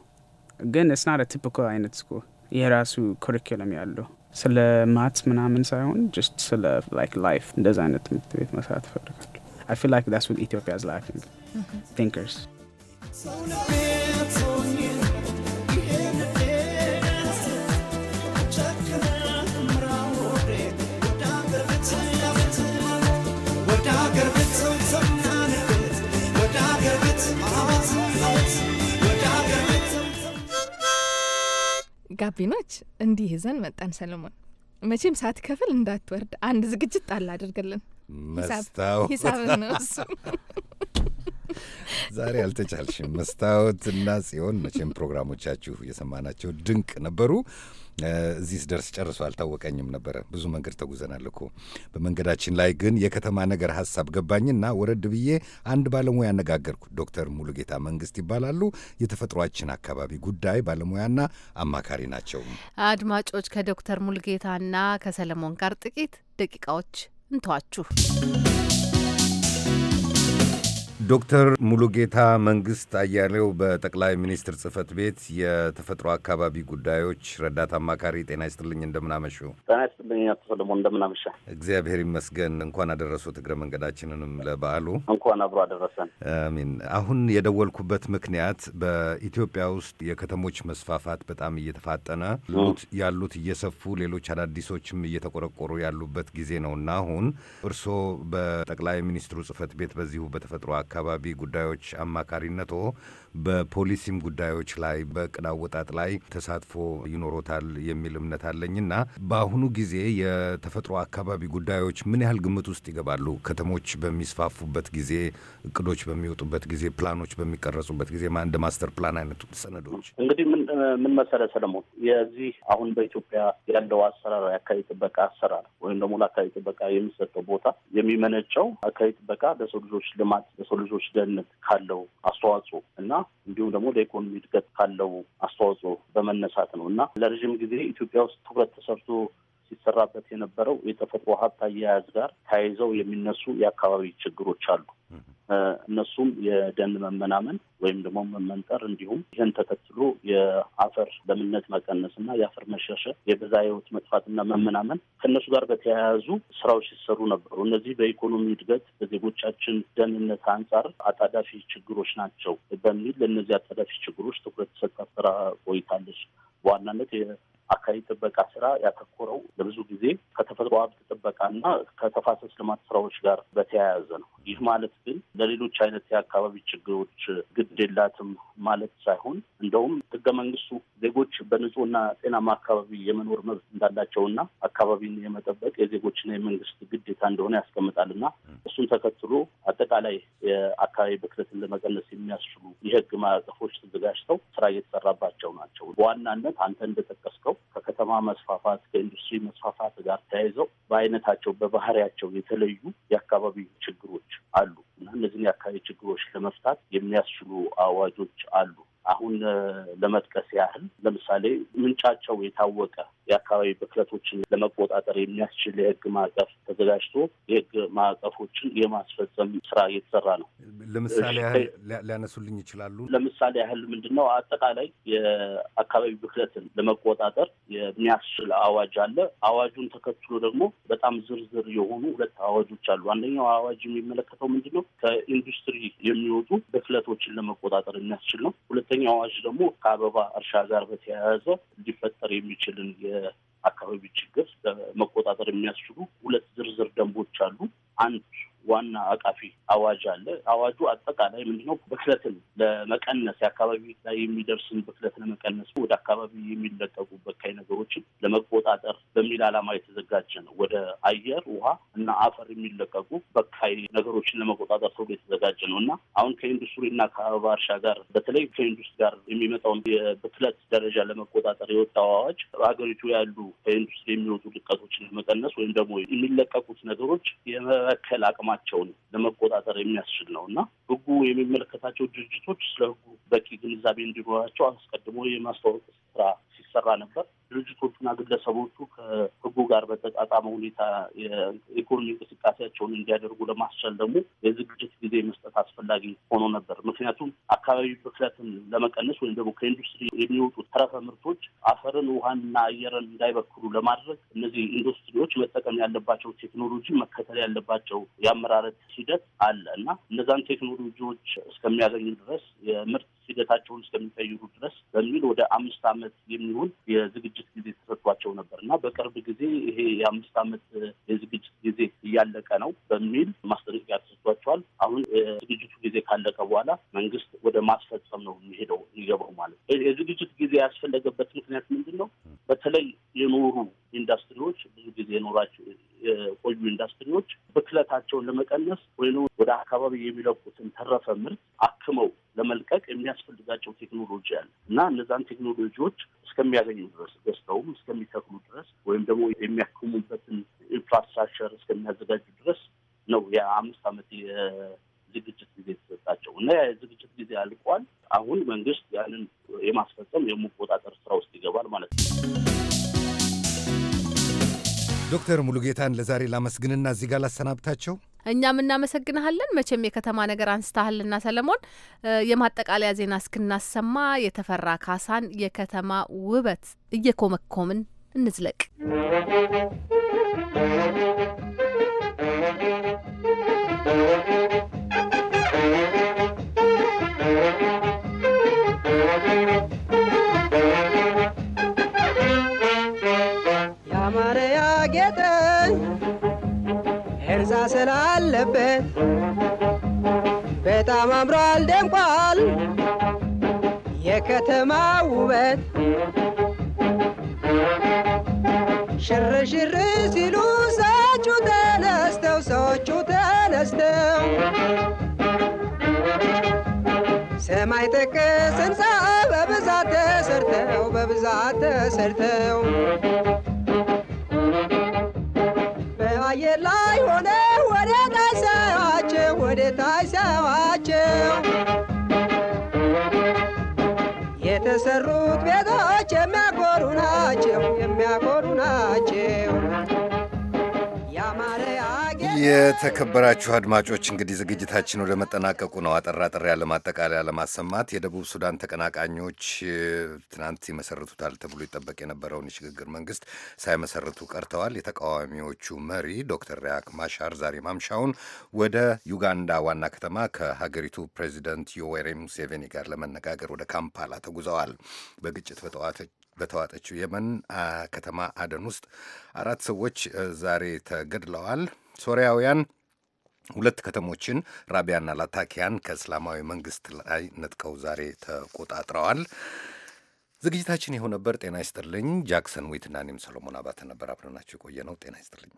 ግን ስናት ቲፒካል አይነት ስኩል የራሱ ኩሪኩለም ያለው ስለ ማትስ ምናምን ሳይሆን ጀስት ስለ ላይክ ላይፍ እንደዚ አይነት ትምህርት ቤት መስራት እፈልጋለሁ። አይ ፊል ላይክ ዳስ ኢትዮጵያዝ ላኪንግ ቲንከርስ ጋቢኖች እንዲህ ይዘን መጣን። ሰለሞን መቼም ሳትከፍል እንዳትወርድ አንድ ዝግጅት ጣል አድርግልን። ሂሳብ ነው እሱ። ዛሬ አልተቻልሽም መስታወትና ጽዮን። መቼም ፕሮግራሞቻችሁ የሰማናቸው ድንቅ ነበሩ። እዚህ ስደርስ ጨርሶ አልታወቀኝም ነበረ። ብዙ መንገድ ተጉዘናል እኮ። በመንገዳችን ላይ ግን የከተማ ነገር ሀሳብ ገባኝና ወረድ ብዬ አንድ ባለሙያ አነጋገርኩ። ዶክተር ሙሉጌታ መንግስት ይባላሉ። የተፈጥሯችን አካባቢ ጉዳይ ባለሙያና አማካሪ ናቸው። አድማጮች ከዶክተር ሙሉጌታና ከሰለሞን ጋር ጥቂት ደቂቃዎች እንተዋችሁ። ዶክተር ሙሉጌታ መንግስት አያሌው በጠቅላይ ሚኒስትር ጽህፈት ቤት የተፈጥሮ አካባቢ ጉዳዮች ረዳት አማካሪ፣ ጤና ይስጥልኝ። እንደምናመሹ። ጤና ይስጥልኝ አቶ ሰለሞን፣ እንደምናመሻ። እግዚአብሔር ይመስገን። እንኳን አደረሱት እግረ መንገዳችንንም ለበዓሉ እንኳን አብሮ አደረሰን። አሚን። አሁን የደወልኩበት ምክንያት በኢትዮጵያ ውስጥ የከተሞች መስፋፋት በጣም እየተፋጠነ ያሉት እየሰፉ ሌሎች አዳዲሶችም እየተቆረቆሩ ያሉበት ጊዜ ነው እና አሁን እርስዎ በጠቅላይ ሚኒስትሩ ጽህፈት ቤት በዚሁ በተፈጥሮ አካባቢ አካባቢ ጉዳዮች አማካሪነቶ በፖሊሲም ጉዳዮች ላይ በቅድ አወጣጥ ላይ ተሳትፎ ይኖሮታል የሚል እምነት አለኝና በአሁኑ ጊዜ የተፈጥሮ አካባቢ ጉዳዮች ምን ያህል ግምት ውስጥ ይገባሉ? ከተሞች በሚስፋፉበት ጊዜ፣ እቅዶች በሚወጡበት ጊዜ፣ ፕላኖች በሚቀረጹበት ጊዜ እንደ ማስተር ፕላን አይነቱ ሰነዶች እንግዲህ ምን ምን መሰለህ ሰለሞን፣ የዚህ አሁን በኢትዮጵያ ያለው አሰራር የአካባቢ ጥበቃ አሰራር ወይም ደግሞ ለአካባቢ ጥበቃ የሚሰጠው ቦታ የሚመነጨው አካባቢ ጥበቃ ለሰው ልጆች ልማት ለሰው ልጆች ደህንነት ካለው አስተዋጽኦ እና እንዲሁም ደግሞ ለኢኮኖሚ እድገት ካለው አስተዋጽኦ በመነሳት ነው እና ለረዥም ጊዜ ኢትዮጵያ ውስጥ ትኩረት ተሰርቶ ሲሰራበት የነበረው የተፈጥሮ ሀብት አያያዝ ጋር ተያይዘው የሚነሱ የአካባቢ ችግሮች አሉ። እነሱም የደን መመናመን ወይም ደግሞ መመንጠር፣ እንዲሁም ይህን ተከትሎ የአፈር ለምነት መቀነስ እና የአፈር መሸርሸር፣ የብዝሃ ሕይወት መጥፋትና መመናመን ከእነሱ ጋር በተያያዙ ስራዎች ሲሰሩ ነበሩ። እነዚህ በኢኮኖሚ እድገት፣ በዜጎቻችን ደህንነት አንጻር አጣዳፊ ችግሮች ናቸው በሚል ለእነዚህ አጣዳፊ ችግሮች ትኩረት ሰጥታ ስራ ቆይታለች በዋናነት አካባቢ ጥበቃ ስራ ያተኮረው ለብዙ ጊዜ ከተፈጥሮ ሀብት ጥበቃና ከተፋሰስ ልማት ስራዎች ጋር በተያያዘ ነው። ይህ ማለት ግን ለሌሎች አይነት የአካባቢ ችግሮች ግድ የላትም ማለት ሳይሆን እንደውም ህገ መንግስቱ ዜጎች በንጹህና ጤናማ አካባቢ የመኖር መብት እንዳላቸውና አካባቢን የመጠበቅ የዜጎችና የመንግስት ግዴታ እንደሆነ ያስቀምጣልና እሱን ተከትሎ አጠቃላይ የአካባቢ ብክለትን ለመቀነስ የሚያስችሉ የህግ ማዕቀፎች ተዘጋጅተው ስራ እየተሰራባቸው ናቸው። በዋናነት አንተ እንደጠቀስከው ከከተማ መስፋፋት ከኢንዱስትሪ መስፋፋት ጋር ተያይዘው በአይነታቸው በባህሪያቸው የተለዩ የአካባቢ ችግሮች አሉ እና እነዚህን የአካባቢ ችግሮች ለመፍታት የሚያስችሉ አዋጆች አሉ። አሁን ለመጥቀስ ያህል ለምሳሌ ምንጫቸው የታወቀ የአካባቢ ብክለቶችን ለመቆጣጠር የሚያስችል የህግ ማዕቀፍ ተዘጋጅቶ የህግ ማዕቀፎችን የማስፈጸም ስራ እየተሰራ ነው። ለምሳሌ ያህል ሊያነሱልኝ ይችላሉ? ለምሳሌ ያህል ምንድን ነው አጠቃላይ የአካባቢ ብክለትን ለመቆጣጠር የሚያስችል አዋጅ አለ። አዋጁን ተከትሎ ደግሞ በጣም ዝርዝር የሆኑ ሁለት አዋጆች አሉ። አንደኛው አዋጅ የሚመለከተው ምንድን ነው ከኢንዱስትሪ የሚወጡ ብክለቶችን ለመቆጣጠር የሚያስችል ነው። ሁለተኛው አዋጅ ደግሞ ከአበባ እርሻ ጋር በተያያዘ ሊፈጠር የሚችልን አካባቢ ችግር መቆጣጠር የሚያስችሉ ሁለት ዝርዝር ደንቦች አሉ። አንድ ዋና አቃፊ አዋጅ አለ። አዋጁ አጠቃላይ ምንድነው? ብክለትን ለመቀነስ የአካባቢ ላይ የሚደርስን ብክለት ለመቀነስ ወደ አካባቢ የሚለቀቁ በካይ ነገሮችን ለመቆጣጠር በሚል ዓላማ የተዘጋጀ ነው። ወደ አየር፣ ውሃ እና አፈር የሚለቀቁ በካይ ነገሮችን ለመቆጣጠር ተብሎ የተዘጋጀ ነው እና አሁን ከኢንዱስትሪና ከአበባ እርሻ ጋር በተለይ ከኢንዱስትሪ ጋር የሚመጣውን የብክለት ደረጃ ለመቆጣጠር የወጣው አዋጅ በሀገሪቱ ያሉ ከኢንዱስትሪ የሚወጡ ልቀቶችን ለመቀነስ ወይም ደግሞ የሚለቀቁት ነገሮች የመበከል አቅማ አቋማቸውን ለመቆጣጠር የሚያስችል ነው እና ህጉ የሚመለከታቸው ድርጅቶች ስለ ህጉ በቂ ግንዛቤ እንዲኖራቸው አስቀድሞ የማስታወቅ ስራ ሲሰራ ነበር። ድርጅቶቹና ግለሰቦቹ ከህጉ ጋር በተጣጣመ ሁኔታ የኢኮኖሚ እንቅስቃሴያቸውን እንዲያደርጉ ለማስቻል ደግሞ የዝግጅት ጊዜ መስጠት አስፈላጊ ሆኖ ነበር። ምክንያቱም አካባቢ ብክለትን ለመቀነስ ወይም ደግሞ ከኢንዱስትሪ የሚወጡ ተረፈ ምርቶች አፈርን፣ ውሃንና አየርን እንዳይበክሉ ለማድረግ እነዚህ ኢንዱስትሪዎች መጠቀም ያለባቸው ቴክኖሎጂ፣ መከተል ያለባቸው የአመራረት ሂደት አለ እና እነዛን ቴክኖሎጂዎች እስከሚያገኙ ድረስ የምርት ሂደታቸውን እስከሚቀይሩ ድረስ በሚል ወደ አምስት ዓመት የሚሆን የዝግጅት ጊዜ ተሰጥቷቸው ነበር እና በቅርብ ጊዜ ይሄ የአምስት ዓመት የዝግጅት ጊዜ እያለቀ ነው በሚል ማስጠንቀቂያ ተሰጥቷቸዋል። አሁን የዝግጅቱ ጊዜ ካለቀ በኋላ መንግስት ወደ ማስፈጸም ነው የሚሄደው የሚገባው ማለት ነው። የዝግጅት ጊዜ ያስፈለገበት ምክንያት ምንድን ነው? በተለይ የኖሩ ኢንዱስትሪዎች ብዙ ጊዜ የኖራቸው የቆዩ ኢንዱስትሪዎች ብክለታቸውን ለመቀነስ ወይ ወደ አካባቢ ቴክኖሎጂዎች እስከሚያገኙ ድረስ ገዝተውም እስከሚተክሉ ድረስ ወይም ደግሞ የሚያክሙበትን ኢንፍራስትራክቸር እስከሚያዘጋጁ ድረስ ነው የአምስት ዓመት የዝግጅት ጊዜ የተሰጣቸው እና የዝግጅት ጊዜ አልቋል። አሁን መንግስት ያንን የማስፈጸም የመቆጣጠር ዶክተር ሙሉጌታን ለዛሬ ላመስግንና እዚህ ጋር ላሰናብታቸው። እኛም እናመሰግንሃለን። መቼም የከተማ ነገር አንስታሃልና ሰለሞን፣ የማጠቃለያ ዜና እስክናሰማ የተፈራ ካሳን የከተማ ውበት እየኮመኮምን እንዝለቅ። ስላለበት በጣም አምሯል ደምቋል የከተማ ውበት ሽርሽር ሲሉ ሰዎቹ ተነስተው ሰዎቹ ተነስተው ሰማይ ጠቀስ ህንፃ በብዛት ተሰርተው በብዛት ተሰርተው de sărut, vedo ce mi-a corunat ce mi-a corunat ce Ia mare የተከበራችሁ አድማጮች እንግዲህ ዝግጅታችን ወደ መጠናቀቁ ነው። አጠር አጠር ያለ ማጠቃለያ ለማሰማት የደቡብ ሱዳን ተቀናቃኞች ትናንት ይመሰርቱታል ተብሎ ይጠበቅ የነበረውን የሽግግር መንግስት ሳይመሰርቱ ቀርተዋል። የተቃዋሚዎቹ መሪ ዶክተር ሪያክ ማሻር ዛሬ ማምሻውን ወደ ዩጋንዳ ዋና ከተማ ከሀገሪቱ ፕሬዚደንት ዮዌሪ ሙሴቬኒ ጋር ለመነጋገር ወደ ካምፓላ ተጉዘዋል። በግጭት በተዋጠችው የመን ከተማ አደን ውስጥ አራት ሰዎች ዛሬ ተገድለዋል። ሶሪያውያን ሁለት ከተሞችን ራቢያና ላታኪያን ከእስላማዊ መንግስት ላይ ነጥቀው ዛሬ ተቆጣጥረዋል። ዝግጅታችን ይኸው ነበር። ጤና ይስጥልኝ። ጃክሰን ዊትና እኔም ሰሎሞን አባተ ነበር አብረናቸው የቆየ ነው። ጤና ይስጥልኝ።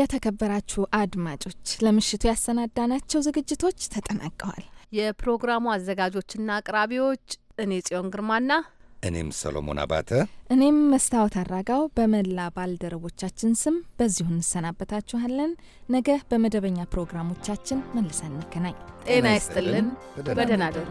የተከበራችሁ አድማጮች ለምሽቱ ያሰናዳናቸው ዝግጅቶች ተጠናቀዋል። የፕሮግራሙ አዘጋጆችና አቅራቢዎች እኔ ጽዮን ግርማና እኔም ሰሎሞን አባተ እኔም መስታወት አራጋው በመላ ባልደረቦቻችን ስም በዚሁ እንሰናበታችኋለን። ነገ በመደበኛ ፕሮግራሞቻችን መልሰን እንገናኝ። ጤና ይስጥልን። በደህና ደሩ።